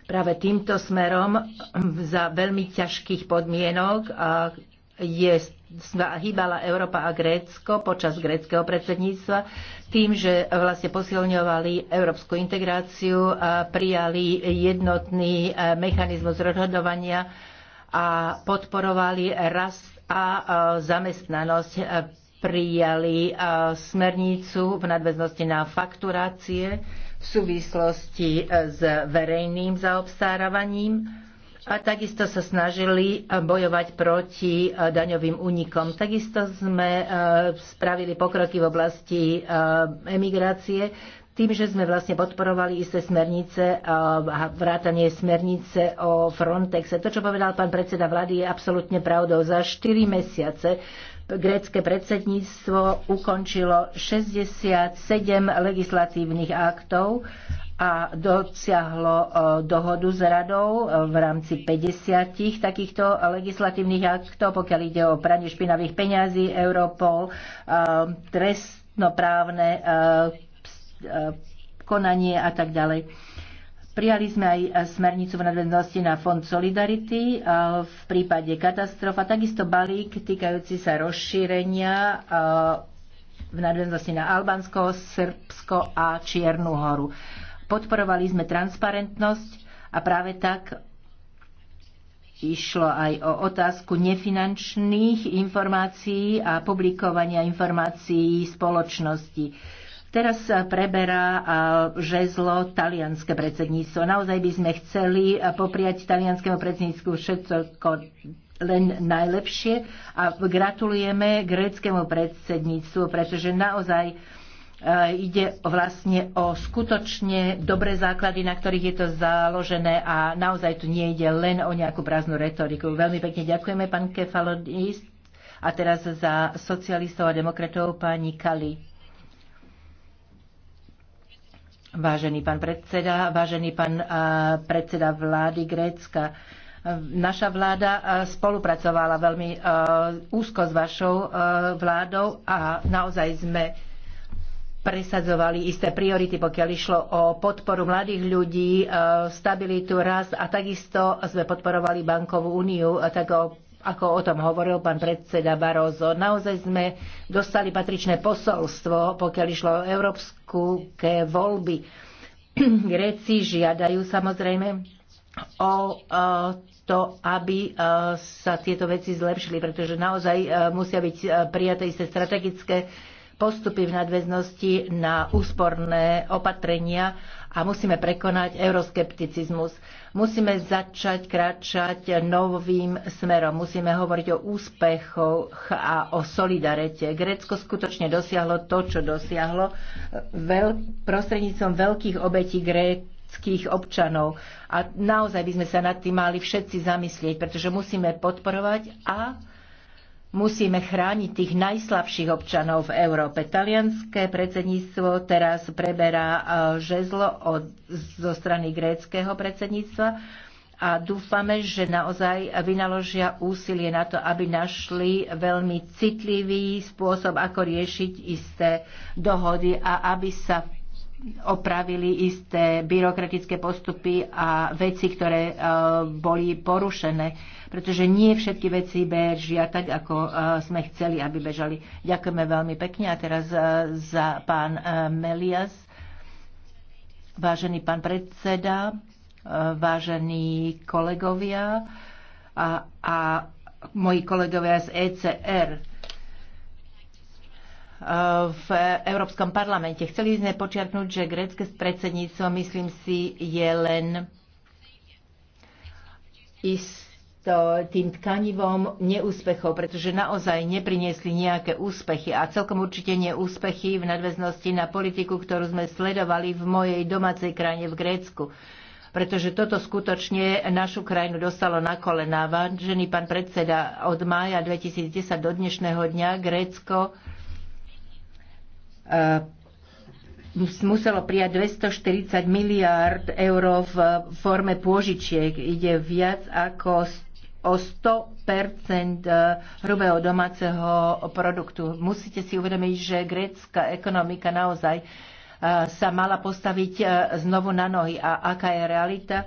práve týmto smerom za veľmi ťažkých podmienok a je hýbala Európa a Grécko počas gréckého predsedníctva tým, že vlastne posilňovali európsku integráciu a prijali jednotný e, mechanizmus rozhodovania a podporovali rast a e, zamestnanosť. E, prijali smernicu v nadväznosti na fakturácie v súvislosti s verejným zaobstarávaním a takisto sa snažili eh, bojovať proti eh, daňovým únikom. Takisto sme eh, spravili pokroky v oblasti emigrácie tým, že sme vlastne podporovali isté smernice a vrátanie smernice o Frontexe. To, čo povedal pán predseda vlády, je absolútne pravdou. Za 4 mesiace grécke predsedníctvo ukončilo 67 legislatívnych aktov a dosiahlo e, dohodu s radou e, v rámci 50 takýchto legislatívnych aktov, pokiaľ ide o pranie špinavých peňazí, Europol, e, trestnoprávne konanie a tak ďalej. Prijali sme aj smernicu v nadväznosti na Fond Solidarity e, v prípade katastrof a takisto balík týkajúci sa rozšírenia e, v nadväznosti na Albánsko, Srbsko a Čiernu horu. Podporovali sme transparentnosť a práve tak išlo aj o otázku nefinančných informácií a publikovania informácií spoločnosti. Teraz preberá žezlo talianské predsedníctvo. Naozaj by sme chceli popriať talianskému predsedníctvu všetko len najlepšie a gratulujeme gréckému predsedníctvu, pretože naozaj ide vlastne o skutočne dobré základy, na ktorých je to založené a naozaj tu nie ide len o nejakú prázdnu retoriku. Veľmi pekne ďakujeme, pán Kefalodist. A teraz za socialistov a demokratov pani Kali. Vážený pán predseda, vážený pán predseda vlády Grécka, Naša vláda spolupracovala veľmi úzko s vašou vládou a naozaj sme presadzovali isté priority, pokiaľ išlo o podporu mladých ľudí, stabilitu, rast a takisto sme podporovali bankovú úniu, tak o ako o tom hovoril pán predseda Barozo, naozaj sme dostali patričné posolstvo, pokiaľ išlo o európske voľby. (clears throat) Gréci žiadajú samozrejme o e, to, aby e, sa tieto veci zlepšili, pretože naozaj e, musia byť prijaté isté strategické postupy v nadväznosti na úsporné opatrenia a musíme prekonať euroskepticizmus. Musíme začať kráčať novým smerom. Musíme hovoriť o úspechoch a o solidarete. Grécko skutočne dosiahlo to, čo dosiahlo veľ- prostredníctvom veľkých obetí gréckých občanov. A naozaj by sme sa nad tým mali všetci zamyslieť, pretože musíme podporovať a musíme chrániť tých najslabších občanov v Európe. Talianské predsedníctvo teraz preberá e, žezlo od, zo strany gréckého predsedníctva a dúfame, že naozaj vynaložia úsilie na to, aby našli veľmi citlivý spôsob, ako riešiť isté dohody a aby sa opravili isté byrokratické postupy a veci, ktoré e, boli porušené pretože nie všetky veci bežia tak, ako e, sme chceli, aby bežali. Ďakujeme veľmi pekne a teraz e, za pán e, Melias. Vážený pán predseda, vážení kolegovia a, a moji kolegovia z ECR, v Európskom parlamente. Chceli sme počiarknúť, že grécke predsedníctvo, myslím si, je len is, to, tým tkanivom neúspechov, pretože naozaj nepriniesli nejaké úspechy a celkom určite neúspechy v nadväznosti na politiku, ktorú sme sledovali v mojej domácej krajine v Grécku pretože toto skutočne našu krajinu dostalo na kolená. Vážený pán predseda, od mája 2010 do dnešného dňa Grécko e, muselo prijať 240 miliárd eur v forme pôžičiek. Ide viac ako o 100 e, hrubého domáceho produktu. Musíte si uvedomiť, že grécka ekonomika naozaj e, sa mala postaviť e, znovu na nohy. A aká je realita?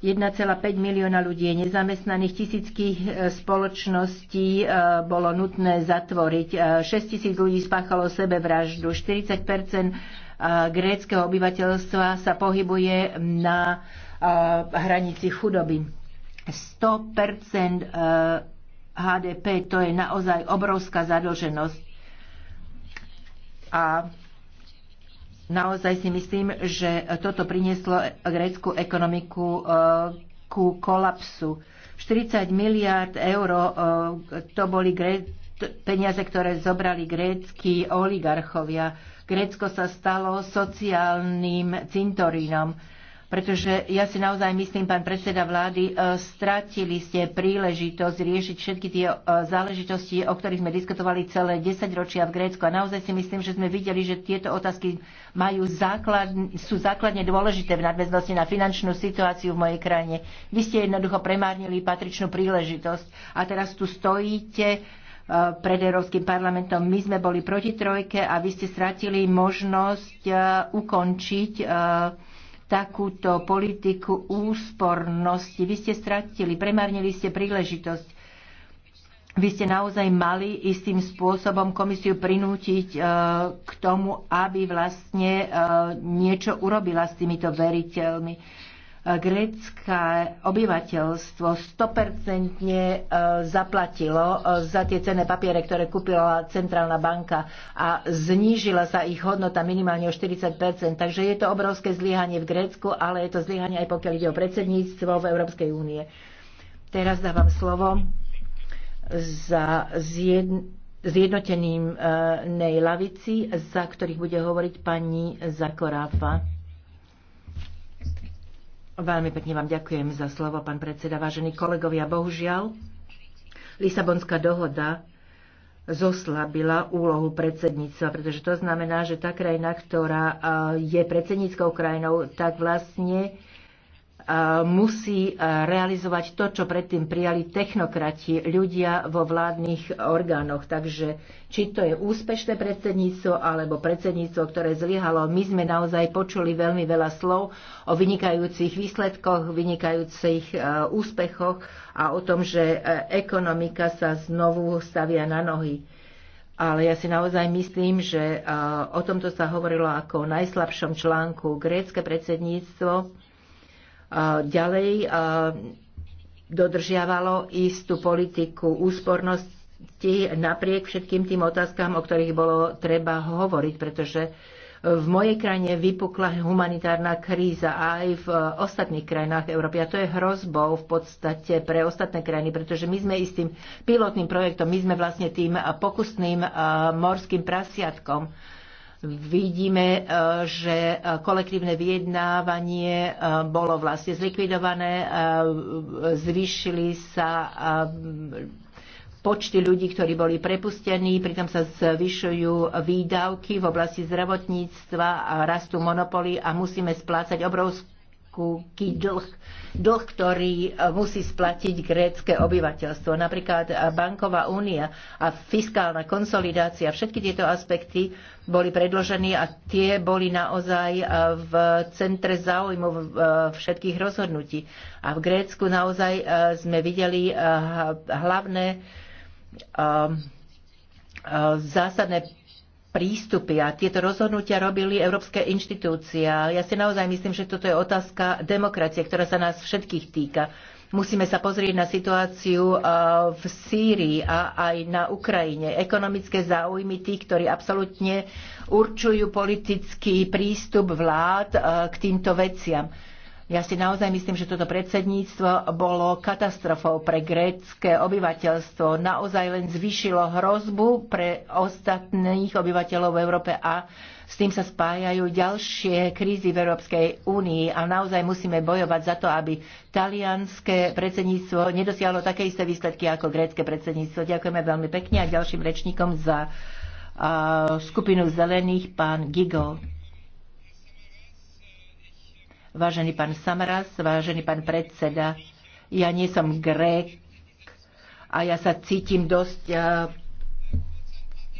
1,5 milióna ľudí je nezamestnaných, tisícky spoločností bolo nutné zatvoriť, 6 tisíc ľudí spáchalo sebevraždu, 40 gréckého obyvateľstva sa pohybuje na hranici chudoby 100% eh, HDP, to je naozaj obrovská zadlženosť. A naozaj si myslím, že toto prinieslo grécku ekonomiku eh, ku kolapsu. 40 miliard eur eh, to boli peniaze, ktoré zobrali grécky oligarchovia. Grécko sa stalo sociálnym cintorínom pretože ja si naozaj myslím, pán predseda vlády, e, stratili ste príležitosť riešiť všetky tie e, záležitosti, o ktorých sme diskutovali celé 10 ročia v Grécku. A naozaj si myslím, že sme videli, že tieto otázky majú základ, sú základne dôležité v nadväznosti na finančnú situáciu v mojej krajine. Vy ste jednoducho premárnili patričnú príležitosť a teraz tu stojíte e, pred Európskym parlamentom. My sme boli proti trojke a vy ste stratili možnosť ukončiť takúto politiku úspornosti. Vy ste stratili, premárnili ste príležitosť. Vy ste naozaj mali istým spôsobom komisiu prinútiť e, k tomu, aby vlastne e, niečo urobila s týmito veriteľmi grécké obyvateľstvo 100% e, zaplatilo e, za tie cenné papiere, ktoré kúpila Centrálna banka a znížila sa ich hodnota minimálne o 40%. Takže je to obrovské zlyhanie v Grécku, ale je to zlyhanie aj pokiaľ ide o predsedníctvo v Európskej únie. Teraz dávam slovo za zjednoteným e, lavici, za ktorých bude hovoriť pani Zakoráfa. Veľmi pekne vám ďakujem za slovo, pán predseda. Vážení kolegovia, bohužiaľ, Lisabonská dohoda zoslabila úlohu predsedníctva, pretože to znamená, že tá krajina, ktorá eh, je predsedníckou krajinou, tak vlastne musí e, realizovať to, čo predtým prijali technokrati, ľudia vo vládnych orgánoch. Takže či to je úspešné predsedníctvo alebo predsedníctvo, ktoré zlyhalo, my sme naozaj počuli veľmi veľa slov o vynikajúcich výsledkoch, vynikajúcich e, úspechoch a o tom, že e, ekonomika sa znovu stavia na nohy. Ale ja si naozaj myslím, že o tomto sa hovorilo ako o najslabšom článku. Grécke predsedníctvo ďalej dodržiavalo istú politiku úspornosti napriek všetkým tým otázkam, o ktorých bolo treba hovoriť, pretože v mojej krajine vypukla humanitárna kríza aj v ostatných krajinách Európy. A to je hrozbou v podstate pre ostatné krajiny, pretože my sme istým pilotným projektom, my sme vlastne tým pokusným morským prasiatkom vidíme, e, že e, kolektívne vyjednávanie e, bolo vlastne zlikvidované, zvýšili sa počty ľudí, ktorí boli prepustení, pritom sa zvyšujú výdavky v oblasti zdravotníctva a rastú monopoly a musíme splácať obrovskú vysoký dlh, dlh, ktorý e, musí splatiť grécke obyvateľstvo. Napríklad e, banková únia a fiskálna konsolidácia, všetky tieto aspekty boli predložené a tie boli naozaj e, v centre záujmu všetkých rozhodnutí. A v Grécku naozaj sme videli hlavné zásadné prístupy a tieto rozhodnutia robili európske inštitúcie. A ja si naozaj myslím, že toto je otázka demokracie, ktorá sa nás všetkých týka. Musíme sa pozrieť na situáciu eh, v Sýrii a aj na Ukrajine. Ekonomické záujmy tých, ktorí absolútne určujú politický prístup vlád eh, k týmto veciam. Ja si naozaj myslím, že toto predsedníctvo bolo katastrofou pre grécké obyvateľstvo. Naozaj len zvýšilo hrozbu pre ostatných obyvateľov v Európe a s tým sa spájajú ďalšie krízy v Európskej únii a naozaj musíme bojovať za to, aby talianské predsedníctvo nedosiahlo také isté výsledky ako grécké predsedníctvo. Ďakujeme veľmi pekne a ďalším rečníkom za skupinu zelených pán Gigo. Vážený pán Samaras, vážený pán predseda, ja nie som grék a ja sa cítim dosť eh,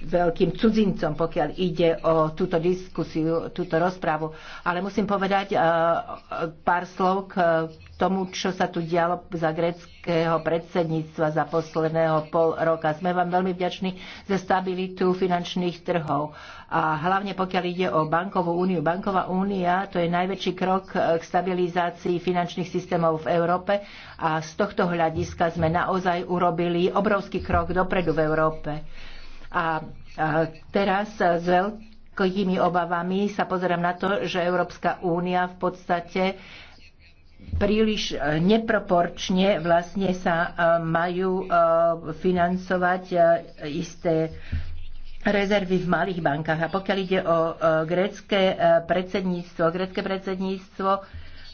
veľkým cudzincom, pokiaľ ide o túto diskusiu, túto rozprávu. Ale musím povedať e, e, pár slov k tomu, čo sa tu dialo za greckého predsedníctva za posledného pol roka. Sme vám veľmi vďační za stabilitu finančných trhov. A hlavne pokiaľ ide o bankovú úniu. Banková únia to je najväčší krok k stabilizácii finančných systémov v Európe a z tohto hľadiska sme naozaj urobili obrovský krok dopredu v Európe. A teraz s veľkými obavami sa pozerám na to, že Európska únia v podstate príliš neproporčne vlastne sa e, majú e, financovať e, isté rezervy v malých bankách. A pokiaľ ide o grecké predsedníctvo, grecké predsedníctvo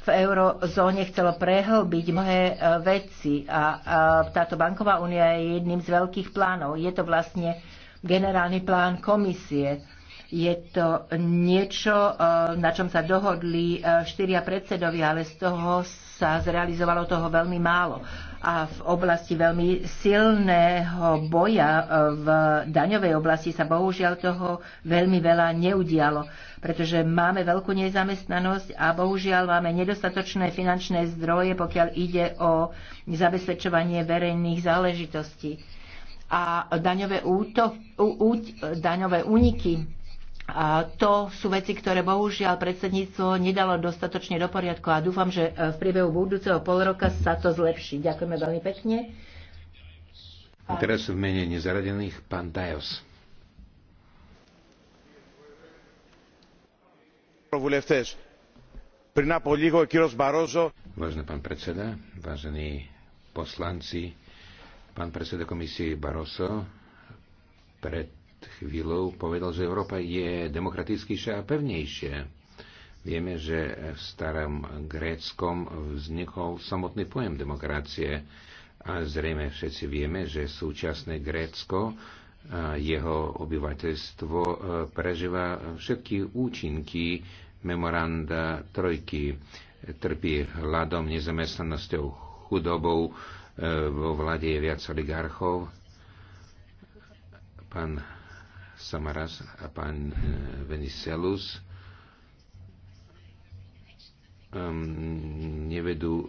v eurozóne chcelo prehlbiť mnohé veci a táto banková únia je jedným z veľkých plánov. Je to vlastne generálny plán komisie. Je to niečo, e, na čom sa dohodli e, štyria predsedovia, ale z toho sa zrealizovalo toho veľmi málo. A v oblasti veľmi silného boja e, v daňovej oblasti sa bohužiaľ toho veľmi veľa neudialo, pretože máme veľkú nezamestnanosť a bohužiaľ máme nedostatočné finančné zdroje, pokiaľ ide o zabezpečovanie verejných záležitostí a daňové, útok, ú, daňové úniky. A to sú veci, ktoré bohužiaľ predsedníctvo nedalo dostatočne do poriadku a dúfam, že e, v priebehu budúceho pol roka sa to zlepší. Ďakujeme veľmi pekne. A teraz v mene nezaradených pán Dajos. Vážený pán predseda, vážení poslanci, Pán predseda komisie Barroso pred chvíľou povedal, že Európa je demokratickejšia a pevnejšia. Vieme, že v starom Gréckom vznikol samotný pojem demokracie a zrejme všetci vieme, že súčasné Grécko a jeho obyvateľstvo e, prežíva všetky účinky memoranda trojky. Trpí hladom, nezamestnanosťou, chudobou, Eh, vo vláde je viac oligarchov. Pán Samaras a pán eh, Veniselus ehm, nevedú uh, uh,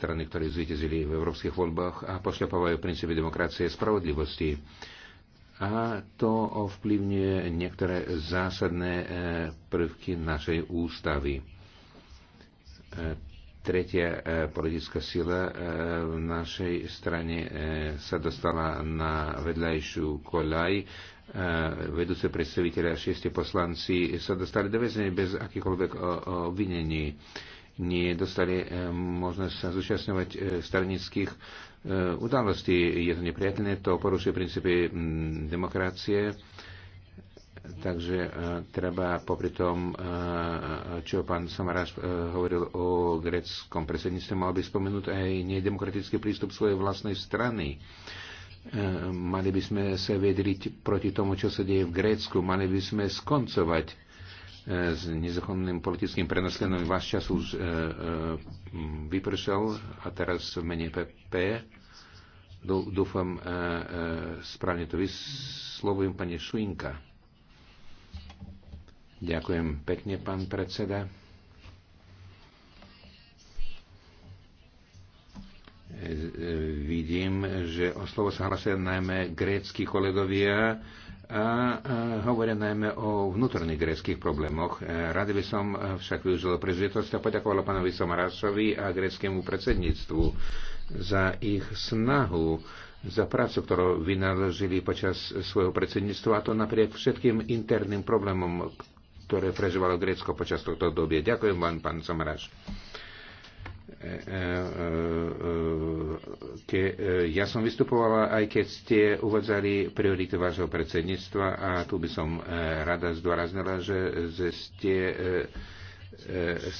strany, ktoré zvítezili v európskych voľbách a pošľapávajú princípy demokracie a spravodlivosti. A to ovplyvňuje niektoré zásadné uh, prvky našej ústavy Uh, tretia e, politická sila e, v našej strane e, sa dostala na vedľajšiu koľaj. Vedúce predstaviteľe a šiesti poslanci sa dostali do väzenia bez akýchkoľvek obvinení. Nie dostali možnosť sa zúčastňovať stranických udalostí. Je to nepriateľné, to porušuje princípy demokracie Takže e, treba popri tom, e, čo pán Samaráš e, hovoril o greckom predsedníctve, mal by spomenúť aj nedemokratický prístup svojej vlastnej strany. Mali by sme sa vedriť proti tomu, čo sa deje v Grécku. Mali by sme skoncovať s nezachonným politickým prenasledovaním. Váš čas už vypršal a teraz v mene PP. Dúfam, správne to vyslovujem, pani Šuinka. Ďakujem pekne, pán predseda. Vidím, že o slovo sa hlasia najmä grécky kolegovia a hovoria najmä o vnútorných gréckých problémoch. Rady by som však využil prezvietosť a poďakovala pánovi Somarasovi a gréckému predsedníctvu za ich snahu za prácu, ktorú vynaložili počas svojho predsedníctva, a to napriek všetkým interným problémom, ktoré prežívalo Grécko počas tohto obdobia. Ďakujem vám, pán Samaraš. E, e, e, ke, ja som vystupovala, aj keď ste uvádzali priority vášho predsedníctva a tu by som rada zdôraznila, že, ste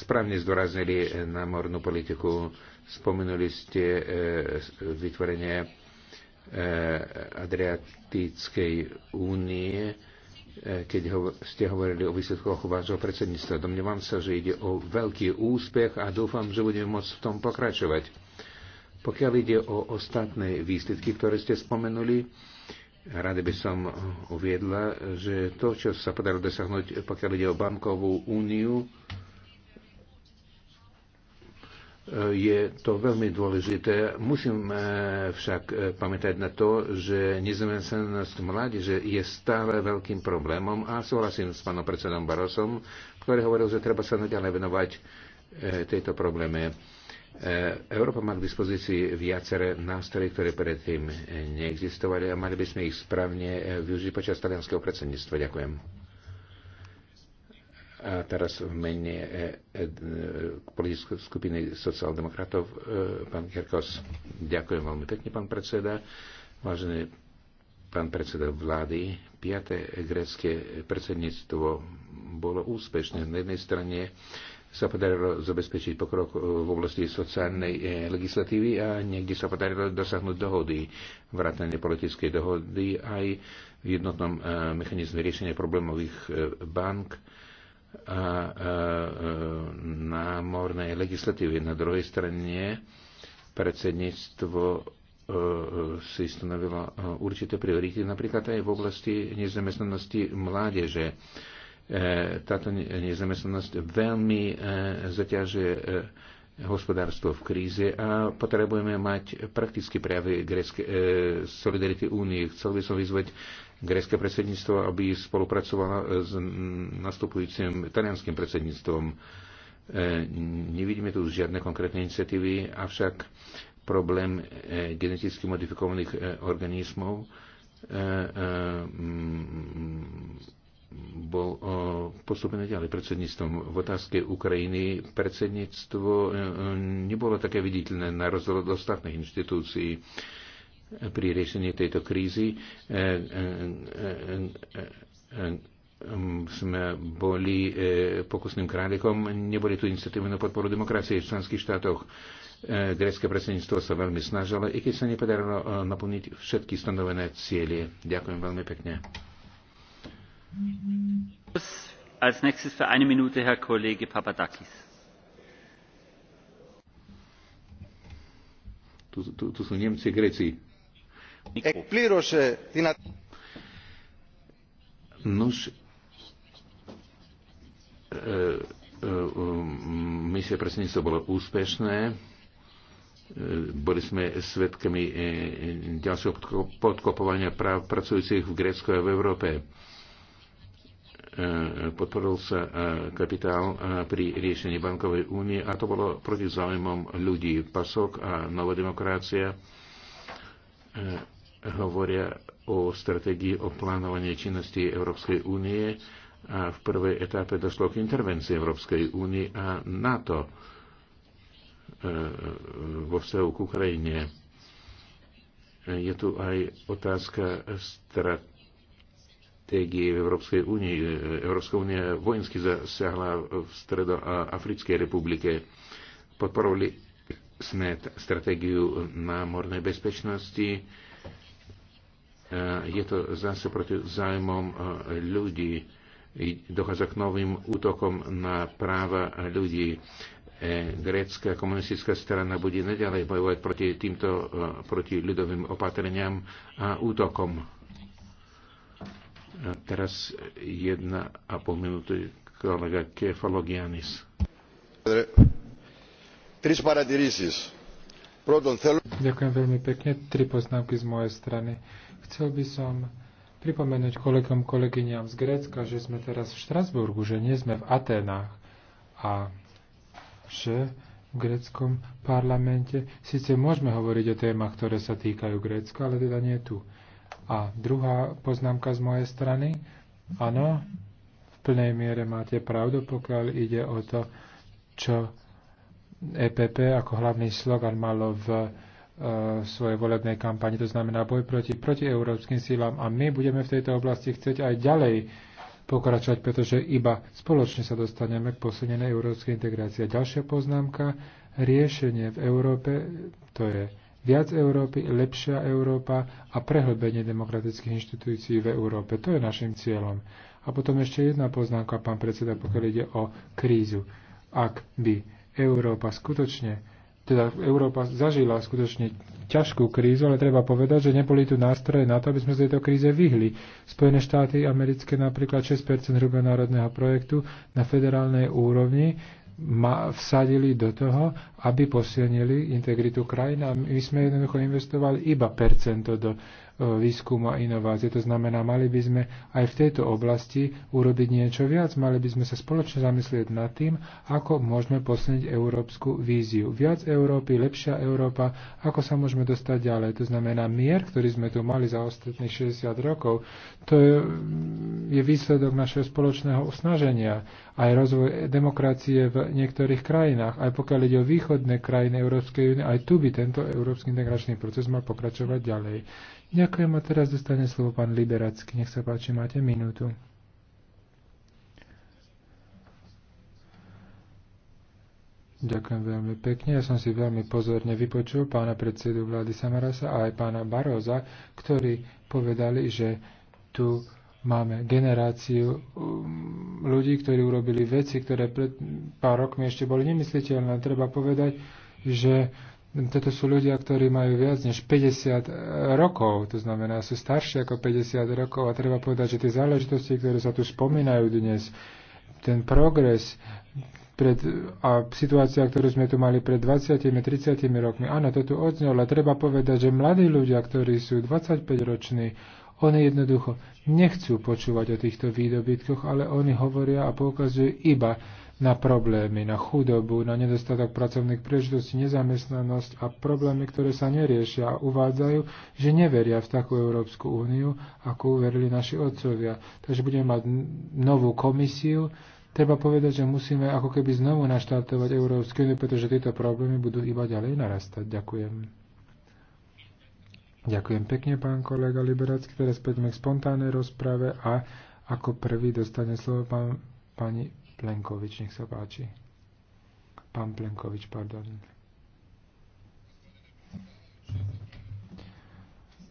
správne zdôraznili mornú politiku. Spomenuli ste vytvorenie Adriatickej únie E, keď ho, ste hovorili o výsledkoch vášho predsedníctva. Domnievam sa, že ide o veľký úspech a dúfam, že budeme môcť v tom pokračovať. Pokiaľ ide o ostatné výsledky, ktoré ste spomenuli, rade by som uviedla, že to, čo sa podarilo dosiahnuť, pokiaľ ide o bankovú úniu, je to veľmi dôležité. Musím však eh, pamätať na to, že nezamestnanosť mládeže je stále veľkým problémom a súhlasím s pánom predsedom Barosom, ktorý hovoril, že treba sa naďalej venovať eh, tejto probléme. Eh, Európa má k dispozícii viaceré nástroje, ktoré predtým neexistovali a mali by sme ich správne využiť počas talianského predsedníctva. Ďakujem. A teraz v mene e, e, politickej skupiny sociáldemokratov e, pán Kerkos. Ďakujem veľmi pekne, pán predseda. Vážený pán predseda vlády, 5. grecké predsedníctvo bolo úspešné. Na jednej strane sa podarilo zabezpečiť pokrok v oblasti sociálnej legislatívy a niekde sa podarilo dosiahnuť dohody, vrátane politickej dohody aj v jednotnom mechanizme riešenia problémových bank a e, námornej legislatívy. Na druhej strane predsedníctvo e, si stanovilo e, určité priority, napríklad aj v oblasti nezamestnanosti mládeže. Táto nezamestnanosť veľmi zaťažuje hospodárstvo v kríze a potrebujeme mať praktické prejavy grecké, solidarity únie. Chcel by som vyzvať grécke predsedníctvo, aby spolupracovalo s nastupujúcim talianským predsedníctvom. E, nevidíme tu žiadne konkrétne iniciatívy, avšak problém e, geneticky modifikovaných e, organizmov bol postupený ďalej predsedníctvom. V otázke Ukrajiny predsedníctvo nebolo také viditeľné na rozdiel od ostatných inštitúcií pri riešení tejto krízy e, e, e, sme boli pokusným králikom, neboli tu iniciatívy na podporu demokracie v členských štátoch. Grecké predsedníctvo sa veľmi snažilo, i keď sa nepodarilo naplniť všetky stanovené cieľe. Ďakujem veľmi pekne. Als nächstes für eine Minute Herr Kollege Papadakis. Tu, tu, tu sú Nemci, Gréci. Nuž, misie predsedníctva bolo úspešné. Boli sme svedkami ďalšieho podkopovania práv pracujúcich v Grécku a v Európe. E, podporil sa e, kapitál e, pri riešení bankovej únie a to bolo proti záujmom ľudí. Pasok a Nová demokracia hovoria o stratégii o plánovaní činnosti Európskej únie a v prvej etape došlo k intervencii Európskej únie a NATO e, vo vzťahu k Ukrajine. Je tu aj otázka stratégie Európskej únie. Európska únia vojensky zasiahla v Africkej republike. Podporovali sme stratégiu námornej bezpečnosti, Eh, je to zase proti zájmom eh, ľudí. Dochádza k novým útokom na práva ľudí. Eh, grécka komunistická strana bude nedalej bojovať proti týmto proti ľudovým opatreniam a útokom. A teraz jedna a pol minúty kolega Kefalogianis. Ďakujem veľmi pekne. Tri poznámky z mojej strany. Chcel by som pripomenúť kolegom, kolegyňam z Grécka, že sme teraz v Štrasburgu, že nie sme v Aténách a že v gréckom parlamente síce môžeme hovoriť o témach, ktoré sa týkajú Grécka, ale teda nie tu. A druhá poznámka z mojej strany, áno, v plnej miere máte pravdu, pokiaľ ide o to, čo EPP ako hlavný slogan malo v svojej volebnej kampani, to znamená boj proti, proti európskym sílám. A my budeme v tejto oblasti chcieť aj ďalej pokračovať, pretože iba spoločne sa dostaneme k posunenej európskej integrácii. A ďalšia poznámka, riešenie v Európe, to je viac Európy, lepšia Európa a prehlbenie demokratických inštitúcií v Európe. To je našim cieľom. A potom ešte jedna poznámka, pán predseda, pokiaľ ide o krízu. Ak by Európa skutočne teda Európa zažila skutočne ťažkú krízu, ale treba povedať, že neboli tu nástroje na to, aby sme z tejto kríze vyhli. Spojené štáty americké napríklad 6% hrubého národného projektu na federálnej úrovni ma vsadili do toho, aby posilnili integritu krajiny a my sme jednoducho investovali iba percento do výskum a inovácie. To znamená, mali by sme aj v tejto oblasti urobiť niečo viac, mali by sme sa spoločne zamyslieť nad tým, ako môžeme posilniť európsku víziu. Viac Európy, lepšia Európa, ako sa môžeme dostať ďalej. To znamená, mier, ktorý sme tu mali za ostatných 60 rokov, to je výsledok našeho spoločného snaženia. Aj rozvoj demokracie v niektorých krajinách, aj pokiaľ ide o východné krajiny Európskej únie, aj tu by tento európsky integračný proces mal pokračovať ďalej. Ďakujem a teraz dostane slovo pán Liberacký. Nech sa páči, máte minútu. Ďakujem veľmi pekne. Ja som si veľmi pozorne vypočul pána predsedu vlády Samarasa a aj pána Baroza, ktorí povedali, že tu máme generáciu um, ľudí, ktorí urobili veci, ktoré pred pár rokmi ešte boli nemysliteľné. Treba povedať, že toto sú ľudia, ktorí majú viac než 50 rokov, to znamená, sú starší ako 50 rokov a treba povedať, že tie záležitosti, ktoré sa tu spomínajú dnes, ten progres pred, a situácia, ktorú sme tu mali pred 20-30 rokmi, áno, to tu odznelo, ale treba povedať, že mladí ľudia, ktorí sú 25-roční, oni jednoducho nechcú počúvať o týchto výdobytkoch, ale oni hovoria a poukazujú iba na problémy, na chudobu, na nedostatok pracovných príležitostí, nezamestnanosť a problémy, ktoré sa neriešia a uvádzajú, že neveria v takú Európsku úniu, ako uverili naši otcovia. Takže budeme mať novú komisiu. Treba povedať, že musíme ako keby znovu naštartovať Európsku úniu, pretože tieto problémy budú iba ďalej narastať. Ďakujem. Ďakujem pekne, pán kolega Liberacký. Teraz poďme k spontánnej rozprave a ako prvý dostane slovo pán, pani Plenkovič, nech sa páči. Pán Plenkovič, pardon.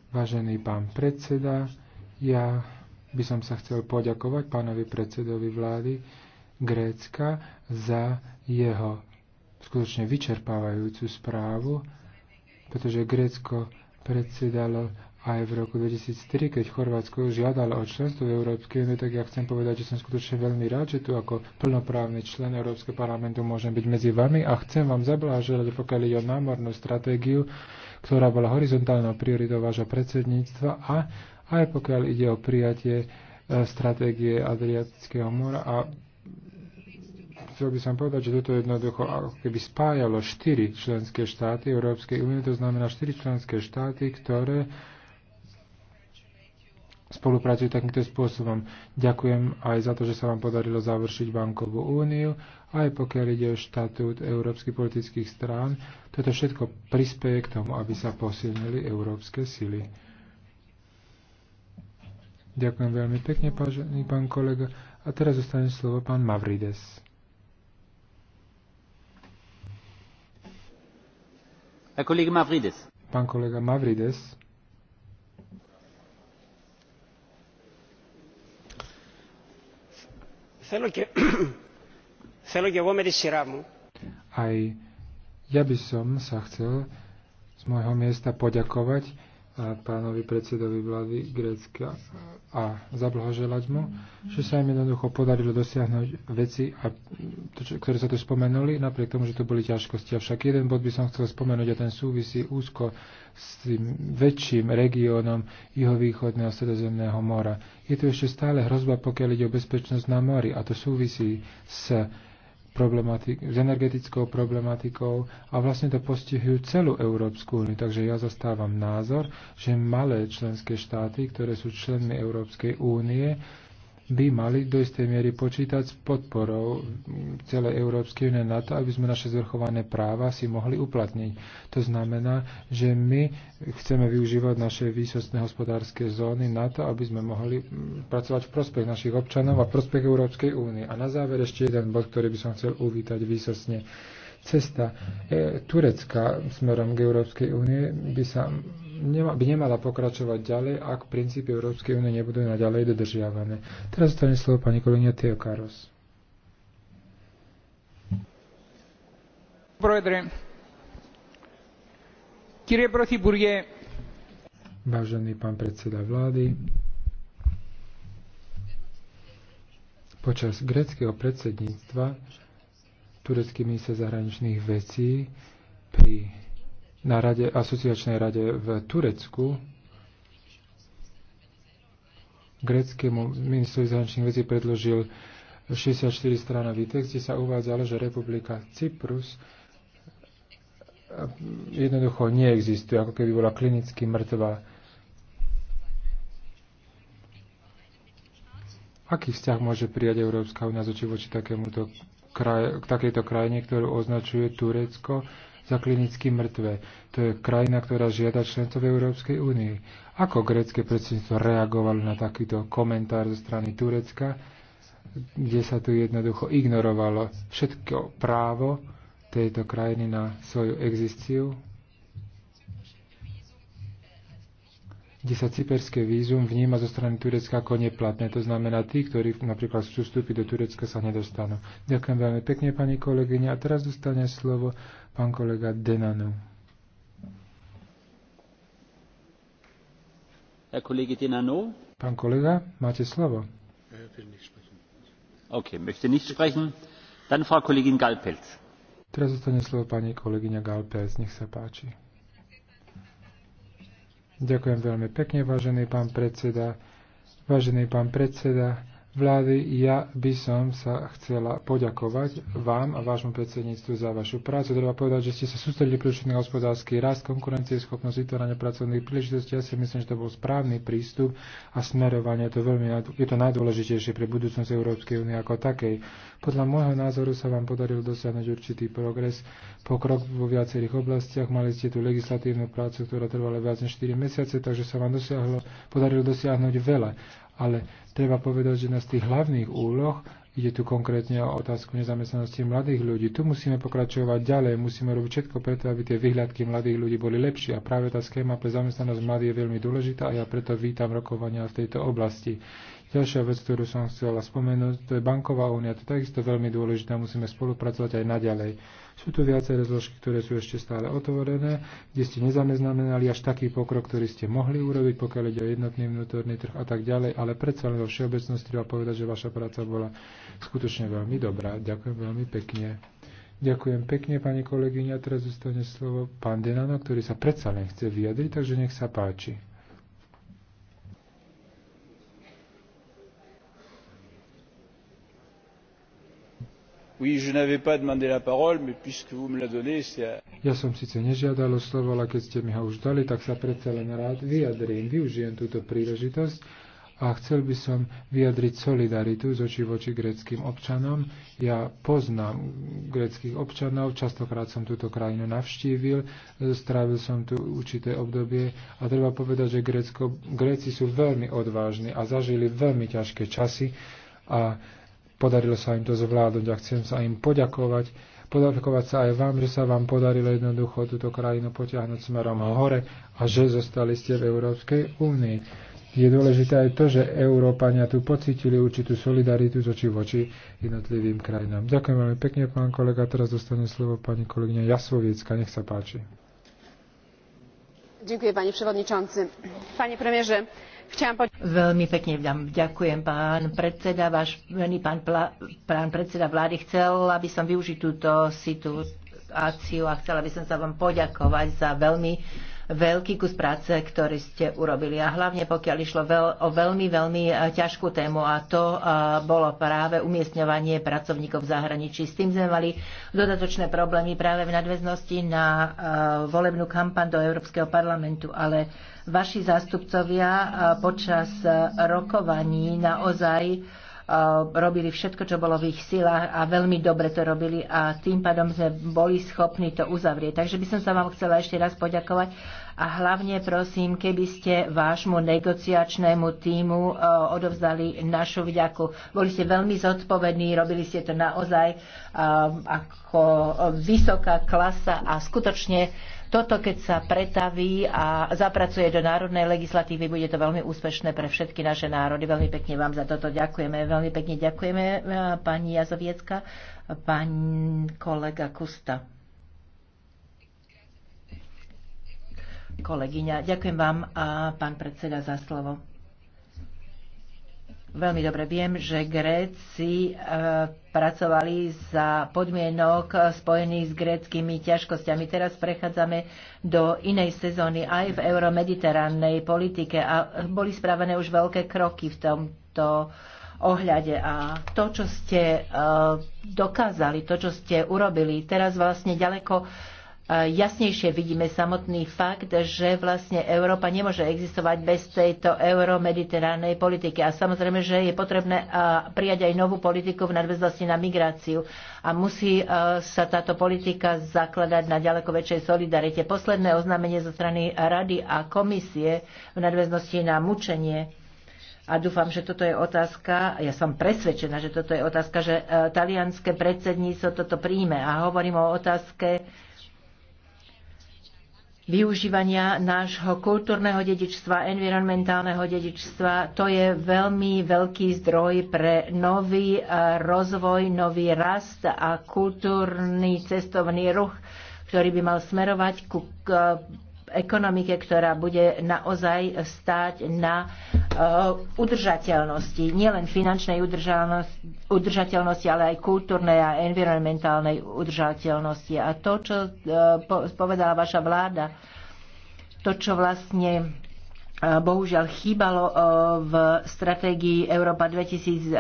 Vážený pán predseda, ja by som sa chcel poďakovať pánovi predsedovi vlády Grécka za jeho skutočne vyčerpávajúcu správu, pretože Grécko predsedalo aj v roku 2004, keď Chorvátsko žiadalo o členstvo v Európskej únie, tak ja chcem povedať, že som skutočne veľmi rád, že tu ako plnoprávny člen Európskeho parlamentu môžem byť medzi vami a chcem vám zablahoželať, pokiaľ ide o námornú stratégiu, ktorá bola horizontálnou prioritou vášho predsedníctva a aj pokiaľ ide o prijatie e, stratégie Adriatického mora a chcel by som povedať, že toto jednoducho ako keby spájalo štyri členské štáty Európskej únie, to znamená štyri členské štáty, ktoré spolupracujú takýmto spôsobom. Ďakujem aj za to, že sa vám podarilo završiť bankovú úniu, aj pokiaľ ide o štatút európskych politických strán. Toto všetko prispieje k tomu, aby sa posilnili európske sily. Ďakujem veľmi pekne, pážený pán kolega. A teraz zostane slovo pán Mavrides. Pán kolega Mavrides. (clears throat) ¿no? Aj ja by som sa chcel z môjho miesta poďakovať pánovi predsedovi vlády Grécka a zablahoželať mu, že sa im jednoducho podarilo dosiahnuť veci, a to, čo, ktoré sa tu spomenuli, napriek tomu, že to boli ťažkosti. Avšak jeden bod by som chcel spomenúť a ten súvisí úzko s tým väčším regiónom juhovýchodného stredozemného mora. Je tu ešte stále hrozba, pokiaľ ide o bezpečnosť na mori a to súvisí s problematik- s energetickou problematikou a vlastne to postihujú celú Európsku úniu. Takže ja zastávam názor, že malé členské štáty, ktoré sú členmi Európskej únie, by mali do istej miery počítať s podporou celej Európskej únie na to, aby sme naše zvrchované práva si mohli uplatniť. To znamená, že my chceme využívať naše výsostné hospodárske zóny na to, aby sme mohli mm, pracovať v prospech našich občanov a v prospech Európskej únie. A na záver ešte jeden bod, ktorý by som chcel uvítať výsostne cesta e, Turecka smerom k Európskej únie by sa by nemala pokračovať ďalej, ak princípy Európskej únie nebudú naďalej dodržiavané. Teraz zostane slovo pani kolegyňa Teokaros. Vážený pán predseda vlády, počas greckého predsedníctva turecký minister zahraničných vecí pri na rade, asociačnej rade v Turecku greckému ministrovi zahraničných vecí predložil 64 stranový text, kde sa uvádzalo, že Republika Cyprus jednoducho neexistuje, ako keby bola klinicky mŕtva. Aký vzťah môže prijať Európska únia voči takémuto kraj, k takejto krajine, ktorú označuje Turecko za klinicky mŕtve. To je krajina, ktorá žiada členstvo v Európskej únii. Ako grécke predsedníctvo reagovalo na takýto komentár zo strany Turecka, kde sa tu jednoducho ignorovalo všetko právo tejto krajiny na svoju existiu, kde sa cyperské vízum vníma zo strany Turecka ako neplatné. To znamená, tí, ktorí napríklad chcú vstúpiť do Turecka, sa nedostanú. Ďakujem veľmi pekne, pani kolegyňa. A teraz dostane slovo pán kolega Denanu. Pán kolega, máte slovo. OK, möchte nicht sprechen. Dann Frau Kollegin Galpelz. Teraz zostane slovo pani kolegyňa Galpelz. Nech sa páči. Ďakujem veľmi pekne, vážený pán predseda. Vážený pán predseda, vlády, ja by som sa chcela poďakovať vám a vášmu predsedníctvu za vašu prácu. Treba povedať, že ste sa sústredili predovšetkým na hospodársky rast, konkurencie schopnosť vytváranie pracovných príležitostí. Ja si myslím, že to bol správny prístup a smerovanie. To veľmi, je to najdôležitejšie pre budúcnosť Európskej únie ako takej. Podľa môjho názoru sa vám podarilo dosiahnuť určitý progres, pokrok vo viacerých oblastiach. Mali ste tú legislatívnu prácu, ktorá trvala viac než 4 mesiace, takže sa vám dosiahlo, podarilo dosiahnuť veľa ale Treba povedať, že na z tých hlavných úloh, ide tu konkrétne o otázku nezamestnanosti mladých ľudí, tu musíme pokračovať ďalej, musíme robiť všetko preto, aby tie vyhľadky mladých ľudí boli lepšie. A práve tá schéma pre zamestnanosť mladých je veľmi dôležitá a ja preto vítam rokovania v tejto oblasti. Ďalšia vec, ktorú som chcela spomenúť, to je banková únia. To je takisto veľmi dôležité. Musíme spolupracovať aj naďalej. Sú tu viaceré zložky, ktoré sú ešte stále otvorené, kde ste nezameznamenali až taký pokrok, ktorý ste mohli urobiť, pokiaľ ide o jednotný vnútorný trh a tak ďalej, ale predsa len vo všeobecnosti treba povedať, že vaša práca bola skutočne veľmi dobrá. Ďakujem veľmi pekne. Ďakujem pekne, pani kolegyňa. Teraz zostane slovo pán Denano, ktorý sa predsa len chce vyjadriť, takže nech sa páči. Ja som síce nežiadal o slovo, ale keď ste mi ho už dali, tak sa predsa len rád vyjadrím, využijem túto príležitosť a chcel by som vyjadriť solidaritu z oči voči greckým občanom. Ja poznám greckých občanov, častokrát som túto krajinu navštívil, strávil som tu určité obdobie a treba povedať, že Grécko, Gréci sú veľmi odvážni a zažili veľmi ťažké časy a Podarilo sa im to zvládnuť a chcem sa im poďakovať. Poďakovať sa aj vám, že sa vám podarilo jednoducho túto krajinu potiahnuť smerom hore a že zostali ste v Európskej únii. Je dôležité aj to, že Európania tu pocitili určitú solidaritu z oči voči jednotlivým krajinám. Ďakujem veľmi pekne, pán kolega. Teraz dostane slovo pani kolegyňa Jasoviecka. Nech sa páči. Ďakujem, pani przewodniczący. pani premierze, Veľmi pekne vám ďakujem, pán predseda. Váš vený pán, pán predseda vlády chcel, aby som využil túto situáciu a chcela by som sa vám poďakovať za veľmi veľký kus práce, ktorý ste urobili. A hlavne pokiaľ išlo veľ, o veľmi, veľmi e, ťažkú tému a to a, e, bolo práve umiestňovanie pracovníkov v zahraničí. S tým sme mali dodatočné problémy práve v nadväznosti na a, e, volebnú kampan do Európskeho parlamentu, ale vaši zástupcovia e, počas e, rokovaní naozaj e, robili všetko, čo bolo v ich silách a veľmi dobre to robili a tým pádom sme boli schopní to uzavrieť. Takže by som sa vám chcela ešte raz poďakovať a hlavne prosím, keby ste vášmu negociačnému týmu e, odovzdali našu vďaku. Boli ste veľmi zodpovední, robili ste to naozaj e, ako vysoká klasa a skutočne toto, keď sa pretaví a zapracuje do národnej legislatívy, bude to veľmi úspešné pre všetky naše národy. Veľmi pekne vám za toto ďakujeme. Veľmi pekne ďakujeme e, pani Jazoviecka, pán kolega Kusta. kolegyňa. Ďakujem vám, a pán predseda, za slovo. Veľmi dobre viem, že Gréci e, pracovali za podmienok spojených s gréckými ťažkosťami. Teraz prechádzame do inej sezóny aj v euromediteránnej politike a boli spravené už veľké kroky v tomto ohľade a to, čo ste e, dokázali, to, čo ste urobili, teraz vlastne ďaleko E, jasnejšie vidíme samotný fakt, že vlastne Európa nemôže existovať bez tejto euromediteránnej politiky. A samozrejme, že je potrebné e, prijať aj novú politiku v nadväznosti na migráciu. A musí e, sa táto politika zakladať na ďaleko väčšej solidarite. Posledné oznámenie zo strany Rady a komisie v nadväznosti na mučenie a dúfam, že toto je otázka, ja som presvedčená, že toto je otázka, že talianské predsedníctvo toto príjme. A hovorím o otázke využívania nášho kultúrneho dedičstva, environmentálneho dedičstva. To je veľmi veľký zdroj pre nový eh, rozvoj, nový rast a kultúrny cestovný ruch, ktorý by mal smerovať ku ekonomike, ktorá bude naozaj stáť na eh, udržateľnosti, nielen finančnej udržateľnosti, ale aj kultúrnej a environmentálnej udržateľnosti. A to, čo eh, povedala vaša vláda, to, čo vlastne eh, bohužiaľ chýbalo v stratégii Európa 2020.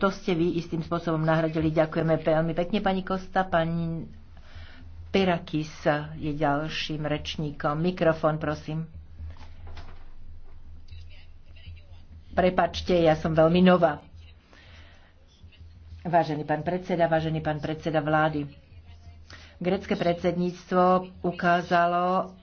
To ste vy istým spôsobom nahradili. Ďakujeme veľmi pekne, pani Kosta. Pani Perakis je ďalším rečníkom. Mikrofón, prosím. Prepačte, ja som veľmi nová. Vážený pán predseda, vážený pán predseda vlády. Grecké predsedníctvo ukázalo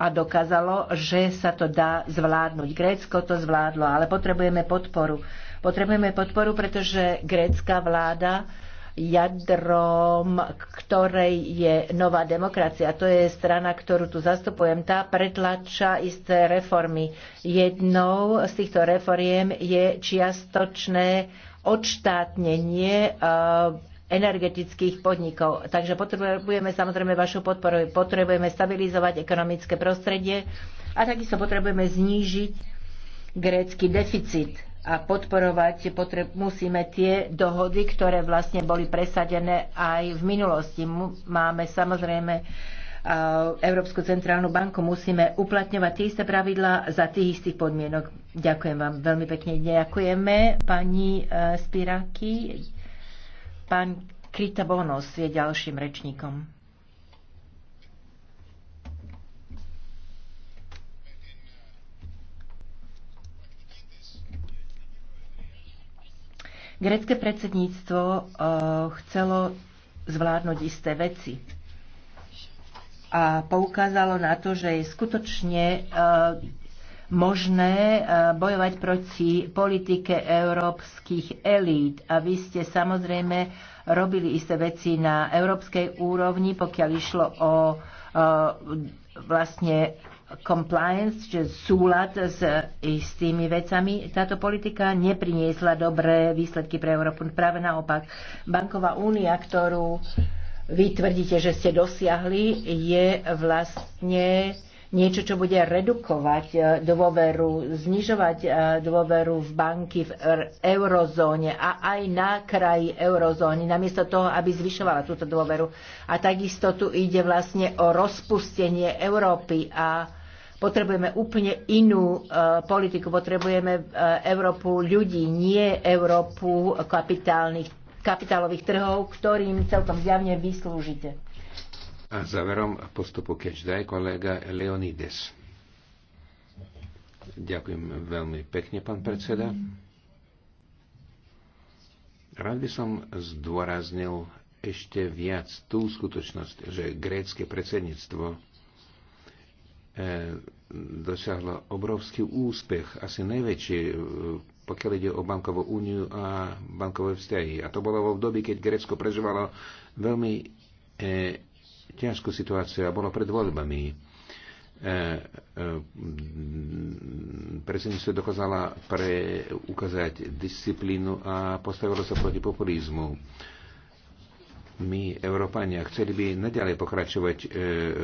a dokázalo, že sa to dá zvládnuť. Grécko to zvládlo, ale potrebujeme podporu. Potrebujeme podporu, pretože grécka vláda jadrom, ktorej je nová demokracia. To je strana, ktorú tu zastupujem. Tá pretlača isté reformy. Jednou z týchto reforiem je čiastočné odštátnenie eh, energetických podnikov. Takže potrebujeme samozrejme vašu podporu. Potrebujeme stabilizovať ekonomické prostredie a takisto potrebujeme znížiť grécky deficit a podporovať potreb, musíme tie dohody, ktoré vlastne boli presadené aj v minulosti. Máme samozrejme Európsku centrálnu banku musíme uplatňovať tie isté pravidlá za tých istých podmienok. Ďakujem vám veľmi pekne. Ďakujeme pani e, Spiráky. Pán Krita Bonos je ďalším rečníkom. Grecké predsedníctvo eh, chcelo zvládnuť isté veci a poukázalo na to, že je skutočne eh, možné eh, bojovať proti politike európskych elít. A vy ste samozrejme robili isté veci na európskej úrovni, pokiaľ išlo o vlastne compliance, čiže súlad s istými vecami. Táto politika nepriniesla dobré výsledky pre Európu. Práve naopak, banková únia, ktorú vy tvrdíte, že ste dosiahli, je vlastne niečo, čo bude redukovať e, dôveru, znižovať e, dôveru v banky v eurozóne a aj na kraji eurozóny, namiesto toho, aby zvyšovala túto dôveru. A takisto tu ide vlastne o rozpustenie Európy a potrebujeme úplne inú e, politiku, potrebujeme Európu ľudí, nie Európu kapitálnych, kapitálových trhov, ktorým celkom zjavne vyslúžite. A záverom postupu Catch Day kolega Leonides. Ďakujem veľmi pekne, pán predseda. Rád by som zdôraznil ešte viac tú skutočnosť, že grécke predsedníctvo e, dosiahlo obrovský úspech, asi najväčší, e, pokiaľ ide o bankovú úniu a bankové vzťahy. A to bolo vo dobi, keď Grécko prežívalo veľmi e, ťažká situáciu a pred voľbami. E, e, predsedníctvo dokázala ukázať disciplínu a postavilo sa proti populizmu. My, Európania, chceli by nadalej pokračovať e,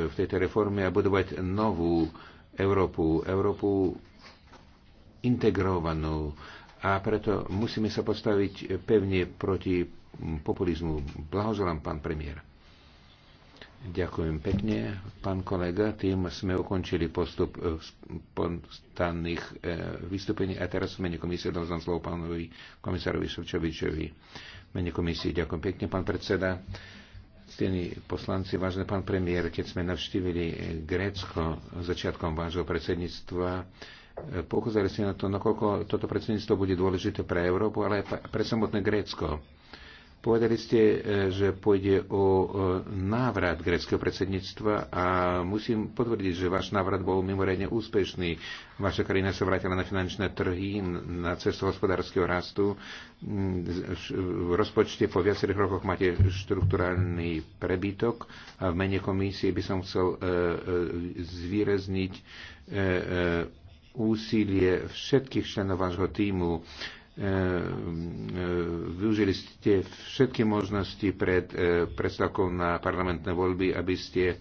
v tejto reforme a budovať novú Európu, Európu integrovanú. A preto musíme sa postaviť pevne proti populizmu. Blahoželám, pán premiér. Ďakujem pekne, pán kolega. Tým sme ukončili postup eh, spontánnych eh, vystúpení a teraz v mene komisie dávam slovo pánovi komisárovi Šovčovičovi. Mene komisie ďakujem pekne, pán predseda. Ctení poslanci, vážne pán premiér, keď sme navštívili eh, Grécko začiatkom vášho predsedníctva, poukázali ste na to, nakoľko toto predsedníctvo bude dôležité pre Európu, ale aj pre samotné Grécko Povedali ste, e, že pôjde o návrat greckého predsedníctva a musím potvrdiť, že váš návrat bol mimoriadne úspešný. Vaša krajina sa vrátila na finančné trhy, na cestu hospodárskeho rastu. Mm, v rozpočte po viacerých rokoch máte štruktúrálny prebytok a v mene komisie by som chcel e, e, zvýrazniť úsilie všetkých členov vášho týmu E, e, využili ste všetky možnosti pred e, predstavkou na parlamentné voľby, aby ste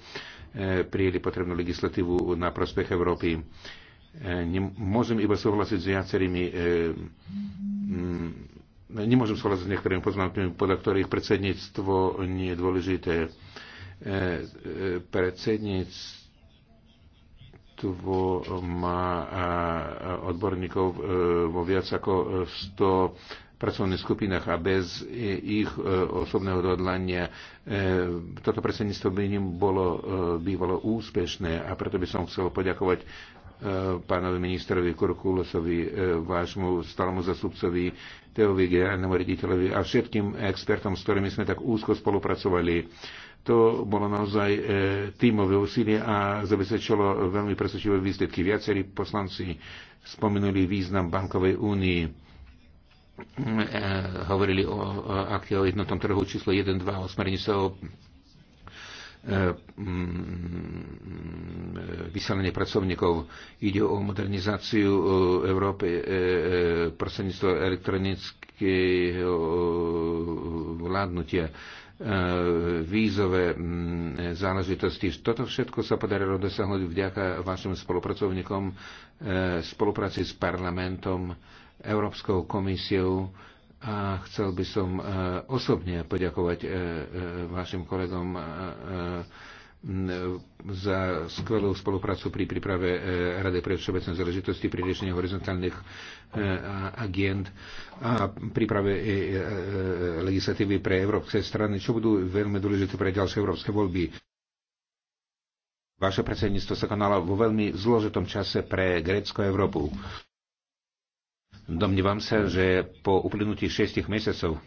prijeli potrebnú legislatívu na prospech Európy. Môžem iba súhlasiť s viacerými nemôžem súhlasiť s niektorými poznámkami, podľa ktorých predsedníctvo nie je dôležité. Predsedníctvo družstvo má eh, odborníkov eh, vo viac ako 100 eh, pracovných skupinách a bez ich osobného odhodlania toto predsedníctvo by ním bolo bývalo úspešné a preto by som chcel poďakovať Eh, pánovi ministrovi Kurkulosovi, eh, vášmu stalomu zastupcovi, Teovi, generálnemu rediteľovi a všetkým expertom, s ktorými sme tak úzko spolupracovali. To bolo naozaj e, tímové úsilie a zabezpečilo veľmi presvedčivé výsledky. Viacerí poslanci spomenuli význam bankovej únii hovorili o akte o jednotnom trhu číslo 2, o sa o vyselenie pracovníkov. Ide o modernizáciu e, Európy e, e, prostredníctvo elektronického vládnutia vízové záležitosti. Toto všetko sa podarilo dosiahnuť vďaka vašim spolupracovníkom, spolupráci s parlamentom, Európskou komisiou, a chcel by som e, osobne poďakovať e, e, vašim kolegom za skvelú spoluprácu pri príprave Rady pre všeobecné záležitosti pri riešení horizontálnych agent a príprave legislatívy pre európske strany, čo budú veľmi dôležité pre ďalšie európske voľby. Vaše predsedníctvo sa konalo vo veľmi zložitom čase pre Grécko a Európu. Domnívam sa, že po uplynutí šestich mesiacov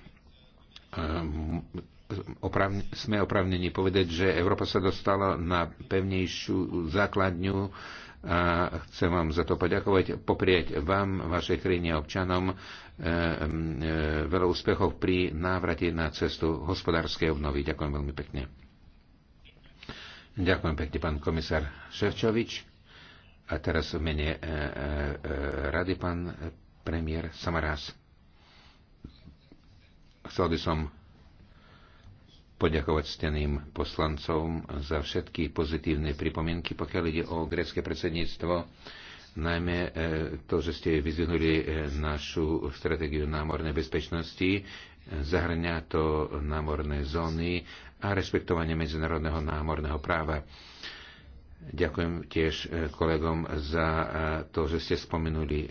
ehm, sme opravnení povedať, že Európa sa dostala na pevnejšiu základňu a chcem vám za to poďakovať, poprieť vám, vašej krajine občanom ehm, e, veľa úspechov pri návrate na cestu hospodárskej obnovy. Ďakujem veľmi pekne. Ďakujem pekne, pán komisár Ševčovič. A teraz v mene e, e, e rady pán premiér Samaras. Chcel by som poďakovať steným poslancom za všetky pozitívne pripomienky, pokiaľ ide o grecké predsedníctvo, najmä e, to, že ste vyzvinuli e, našu stratégiu námornej bezpečnosti, e, zahrňa to námorné zóny a respektovanie medzinárodného námorného práva. Ďakujem tiež e, kolegom za e, to, že ste spomenuli e,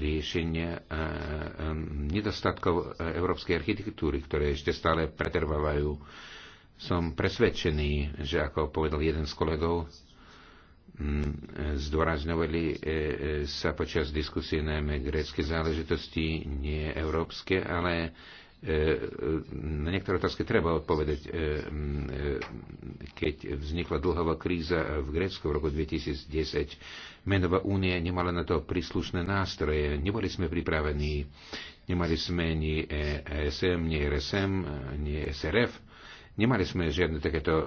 riešenie nedostatkov európskej architektúry, ktoré ešte stále pretrvávajú. Som presvedčený, že ako povedal jeden z kolegov, zdôrazňovali sa počas diskusie najmä grécké záležitosti, nie európske, ale E, na niektoré otázky treba odpovedať. E, e, keď vznikla dlhová kríza v Grécku v roku 2010, menová únia nemala na to príslušné nástroje. Neboli sme pripravení. Nemali sme ni ESM, ni RSM, ni SRF Nemali sme žiadne takéto e, e,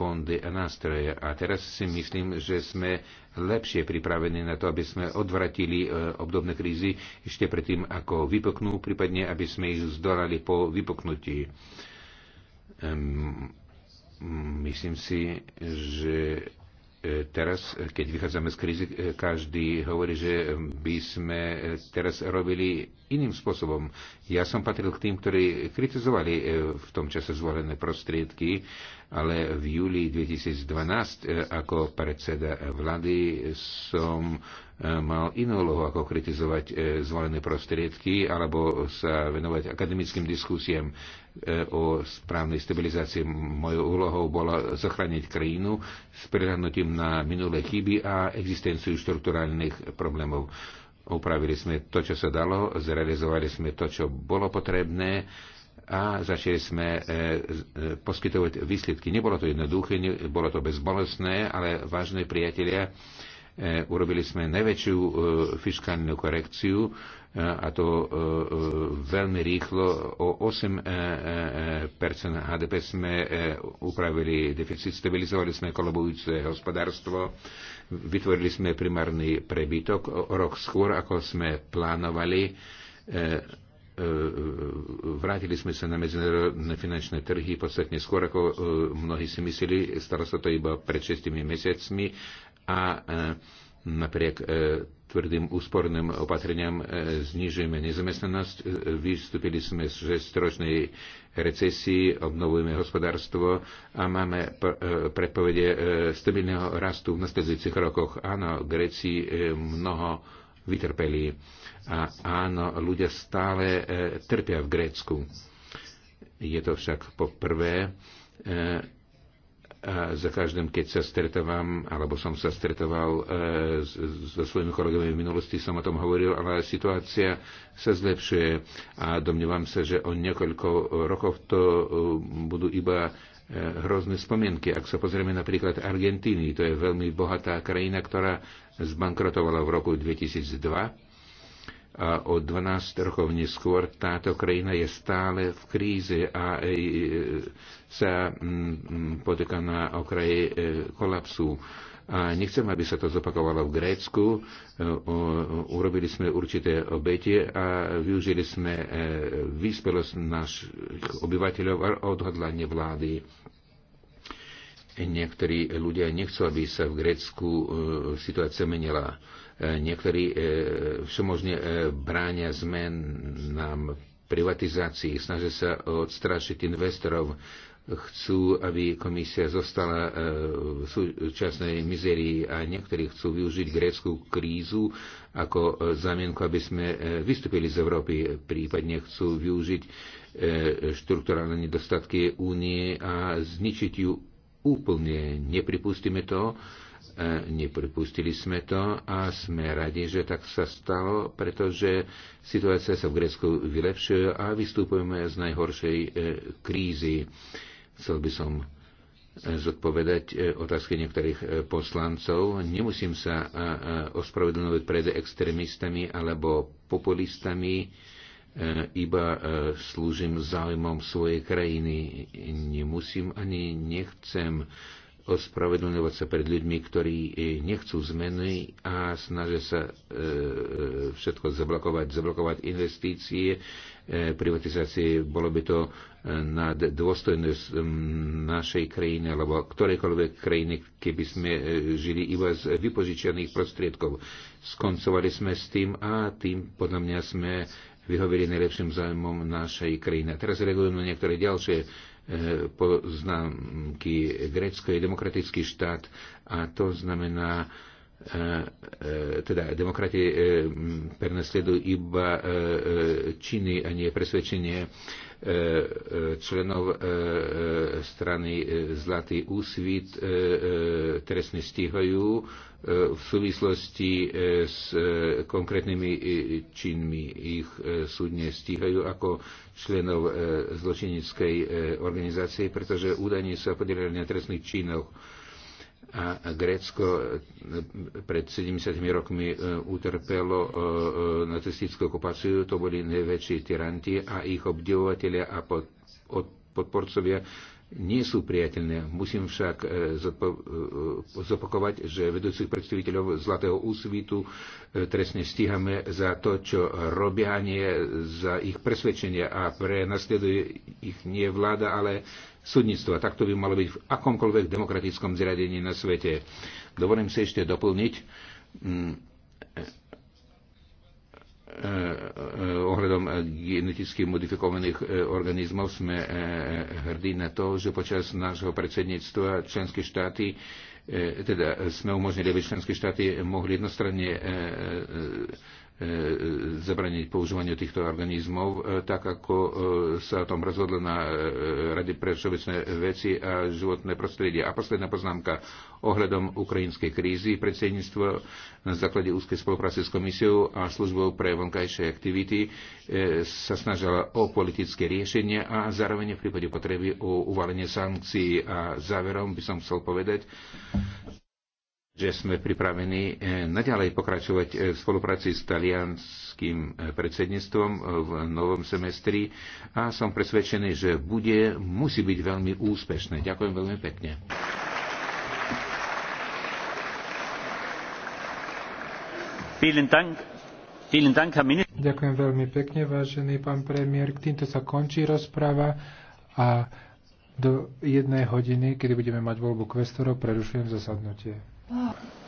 fondy a nástroje a teraz si myslím, že sme lepšie pripravení na to, aby sme odvratili e, obdobné krízy ešte predtým, ako vypoknú, prípadne aby sme ich zdorali po vypoknutí. Myslím si, že teraz, keď vychádzame z krízy, každý hovorí, že by sme teraz robili iným spôsobom. Ja som patril k tým, ktorí kritizovali e, v tom čase zvolené prostriedky, ale v júli 2012 e, ako predseda vlády som e, mal inú úlohu, ako kritizovať zvolené prostriedky alebo sa venovať akademickým diskusiám o správnej stabilizácii. Mojou úlohou bolo zachrániť krajinu s prihľadnutím na minulé chyby a existenciu štrukturálnych problémov. Upravili sme to, čo sa dalo, zrealizovali sme to, čo bolo potrebné a začali sme e, e, poskytovať výsledky. Nebolo to jednoduché, bolo to bezbolestné, ale vážne priatelia, e, urobili sme najväčšiu fiskálnu korekciu a to e, e, veľmi rýchlo. O 8 e, HDP sme upravili deficit, stabilizovali sme kolobujúce hospodárstvo, vytvorili sme primárny prebytok rok skôr, ako sme plánovali. Vrátili sme sa na medzinárodné finančné trhy podstatne skôr, ako mnohí si mysleli. Stalo sa to iba pred 6 mesiacmi a Napriek e, tvrdým úsporným opatreniam e, znižujeme nezamestnanosť, e, vystúpili sme z šestročnej recesii, obnovujeme hospodárstvo a máme predpovede stabilného rastu v nasledujúcich rokoch. Áno, Gréci mnoho vytrpeli a áno, ľudia stále trpia v Grécku. Je to však poprvé za každým, keď sa stretávam, alebo som sa stretoval e, so svojimi kolegami v minulosti, som o tom hovoril, ale situácia sa zlepšuje a domnívam sa, že o niekoľko rokov to e, budú iba e, hrozné spomienky. Ak sa pozrieme napríklad Argentíny, to je veľmi bohatá krajina, ktorá zbankrotovala v roku 2002 a o 12 rokov neskôr táto krajina je stále v kríze a e, sa mm, potýka na okraji e, kolapsu. A nechcem, aby sa to zopakovalo v Grécku. E, urobili sme určité obete a využili sme vyspelosť našich obyvateľov a odhodlanie vlády. Niektorí ľudia nechcú, aby sa v Grécku situácia menila Niektorí e, všemožne e, bránia nám privatizácii, snažia sa odstrašiť investorov, chcú, aby komisia zostala e, v súčasnej mizerii a niektorí chcú využiť grécku krízu ako zamienku, aby sme vystúpili z Európy, prípadne chcú využiť štruktúrálne nedostatky únie a zničiť ju úplne. Nepripustíme to E, nepripustili sme to a sme radi, že tak sa stalo, pretože situácia sa v Grécku vylepšuje a vystupujeme z najhoršej e, krízy. Chcel by som e, zodpovedať otázky niektorých poslancov. Nemusím sa ospravedlňovať pred extrémistami alebo populistami, iba slúžim záujmom svojej krajiny. Nemusím ani nechcem ospravedlňovať sa pred ľuďmi, ktorí e, nechcú zmeny a snažia sa e, e, všetko zablokovať, zablokovať investície, privatizácie. Bolo by to na dôstojnosť našej krajiny alebo ktorejkoľvek krajiny, keby sme žili iba z vypožičaných prostriedkov. Skoncovali sme s tým a tým podľa mňa sme vyhovili najlepším zájmom našej krajiny. A teraz reagujem na niektoré ďalšie E, poznámky. Grécko je demokratický štát a to znamená E, teda demokrati e, prenasledujú iba e, činy a nie presvedčenie členov strany Zlatý úsvit trestne stíhajú v súvislosti s konkrétnymi činmi. Ich súdne stíhajú ako členov zločineckej organizácie, pretože údajne sa podielali na trestných činoch a Grécko eh, pred 70 rokmi eh, utrpelo eh, nacistickú okupáciu. To boli najväčší tyranti a ich obdivovateľia a podporcovia nie sú priateľné. Musím však zopakovať, že vedúcich predstaviteľov Zlatého úsvitu trestne stíhame za to, čo robia, nie za ich presvedčenia a prenasleduje ich nie vláda, ale súdnictva. Tak to by malo byť v akomkoľvek demokratickom zriadení na svete. Dovolím si ešte doplniť mm, e, e, e, ohľadom geneticky modifikovaných organizmov sme hrdí na to, že počas nášho predsedníctva členské štáty teda sme umožnili, aby členské štáty mohli jednostranne E, zabraniť používaniu týchto organizmov, e, tak ako e, sa o tom rozhodlo na Rady pre všeobecné veci a životné prostredie. A posledná poznámka ohľadom ukrajinskej krízy. Predsedníctvo na základe úzkej spolupráce s komisiou a službou pre vonkajšie aktivity sa snažila o politické riešenie a zároveň v prípade potreby o uvalenie sankcií. A záverom by som chcel povedať, že sme pripravení eh, naďalej pokračovať eh, v spolupráci s talianským eh, predsedníctvom v novom semestri a som presvedčený, že bude, musí byť veľmi úspešné. Ďakujem veľmi pekne. Ďakujem veľmi pekne, vážený pán premiér. K týmto sa končí rozpráva a do jednej hodiny, kedy budeme mať voľbu kvestorov, prerušujem zasadnutie. Oh.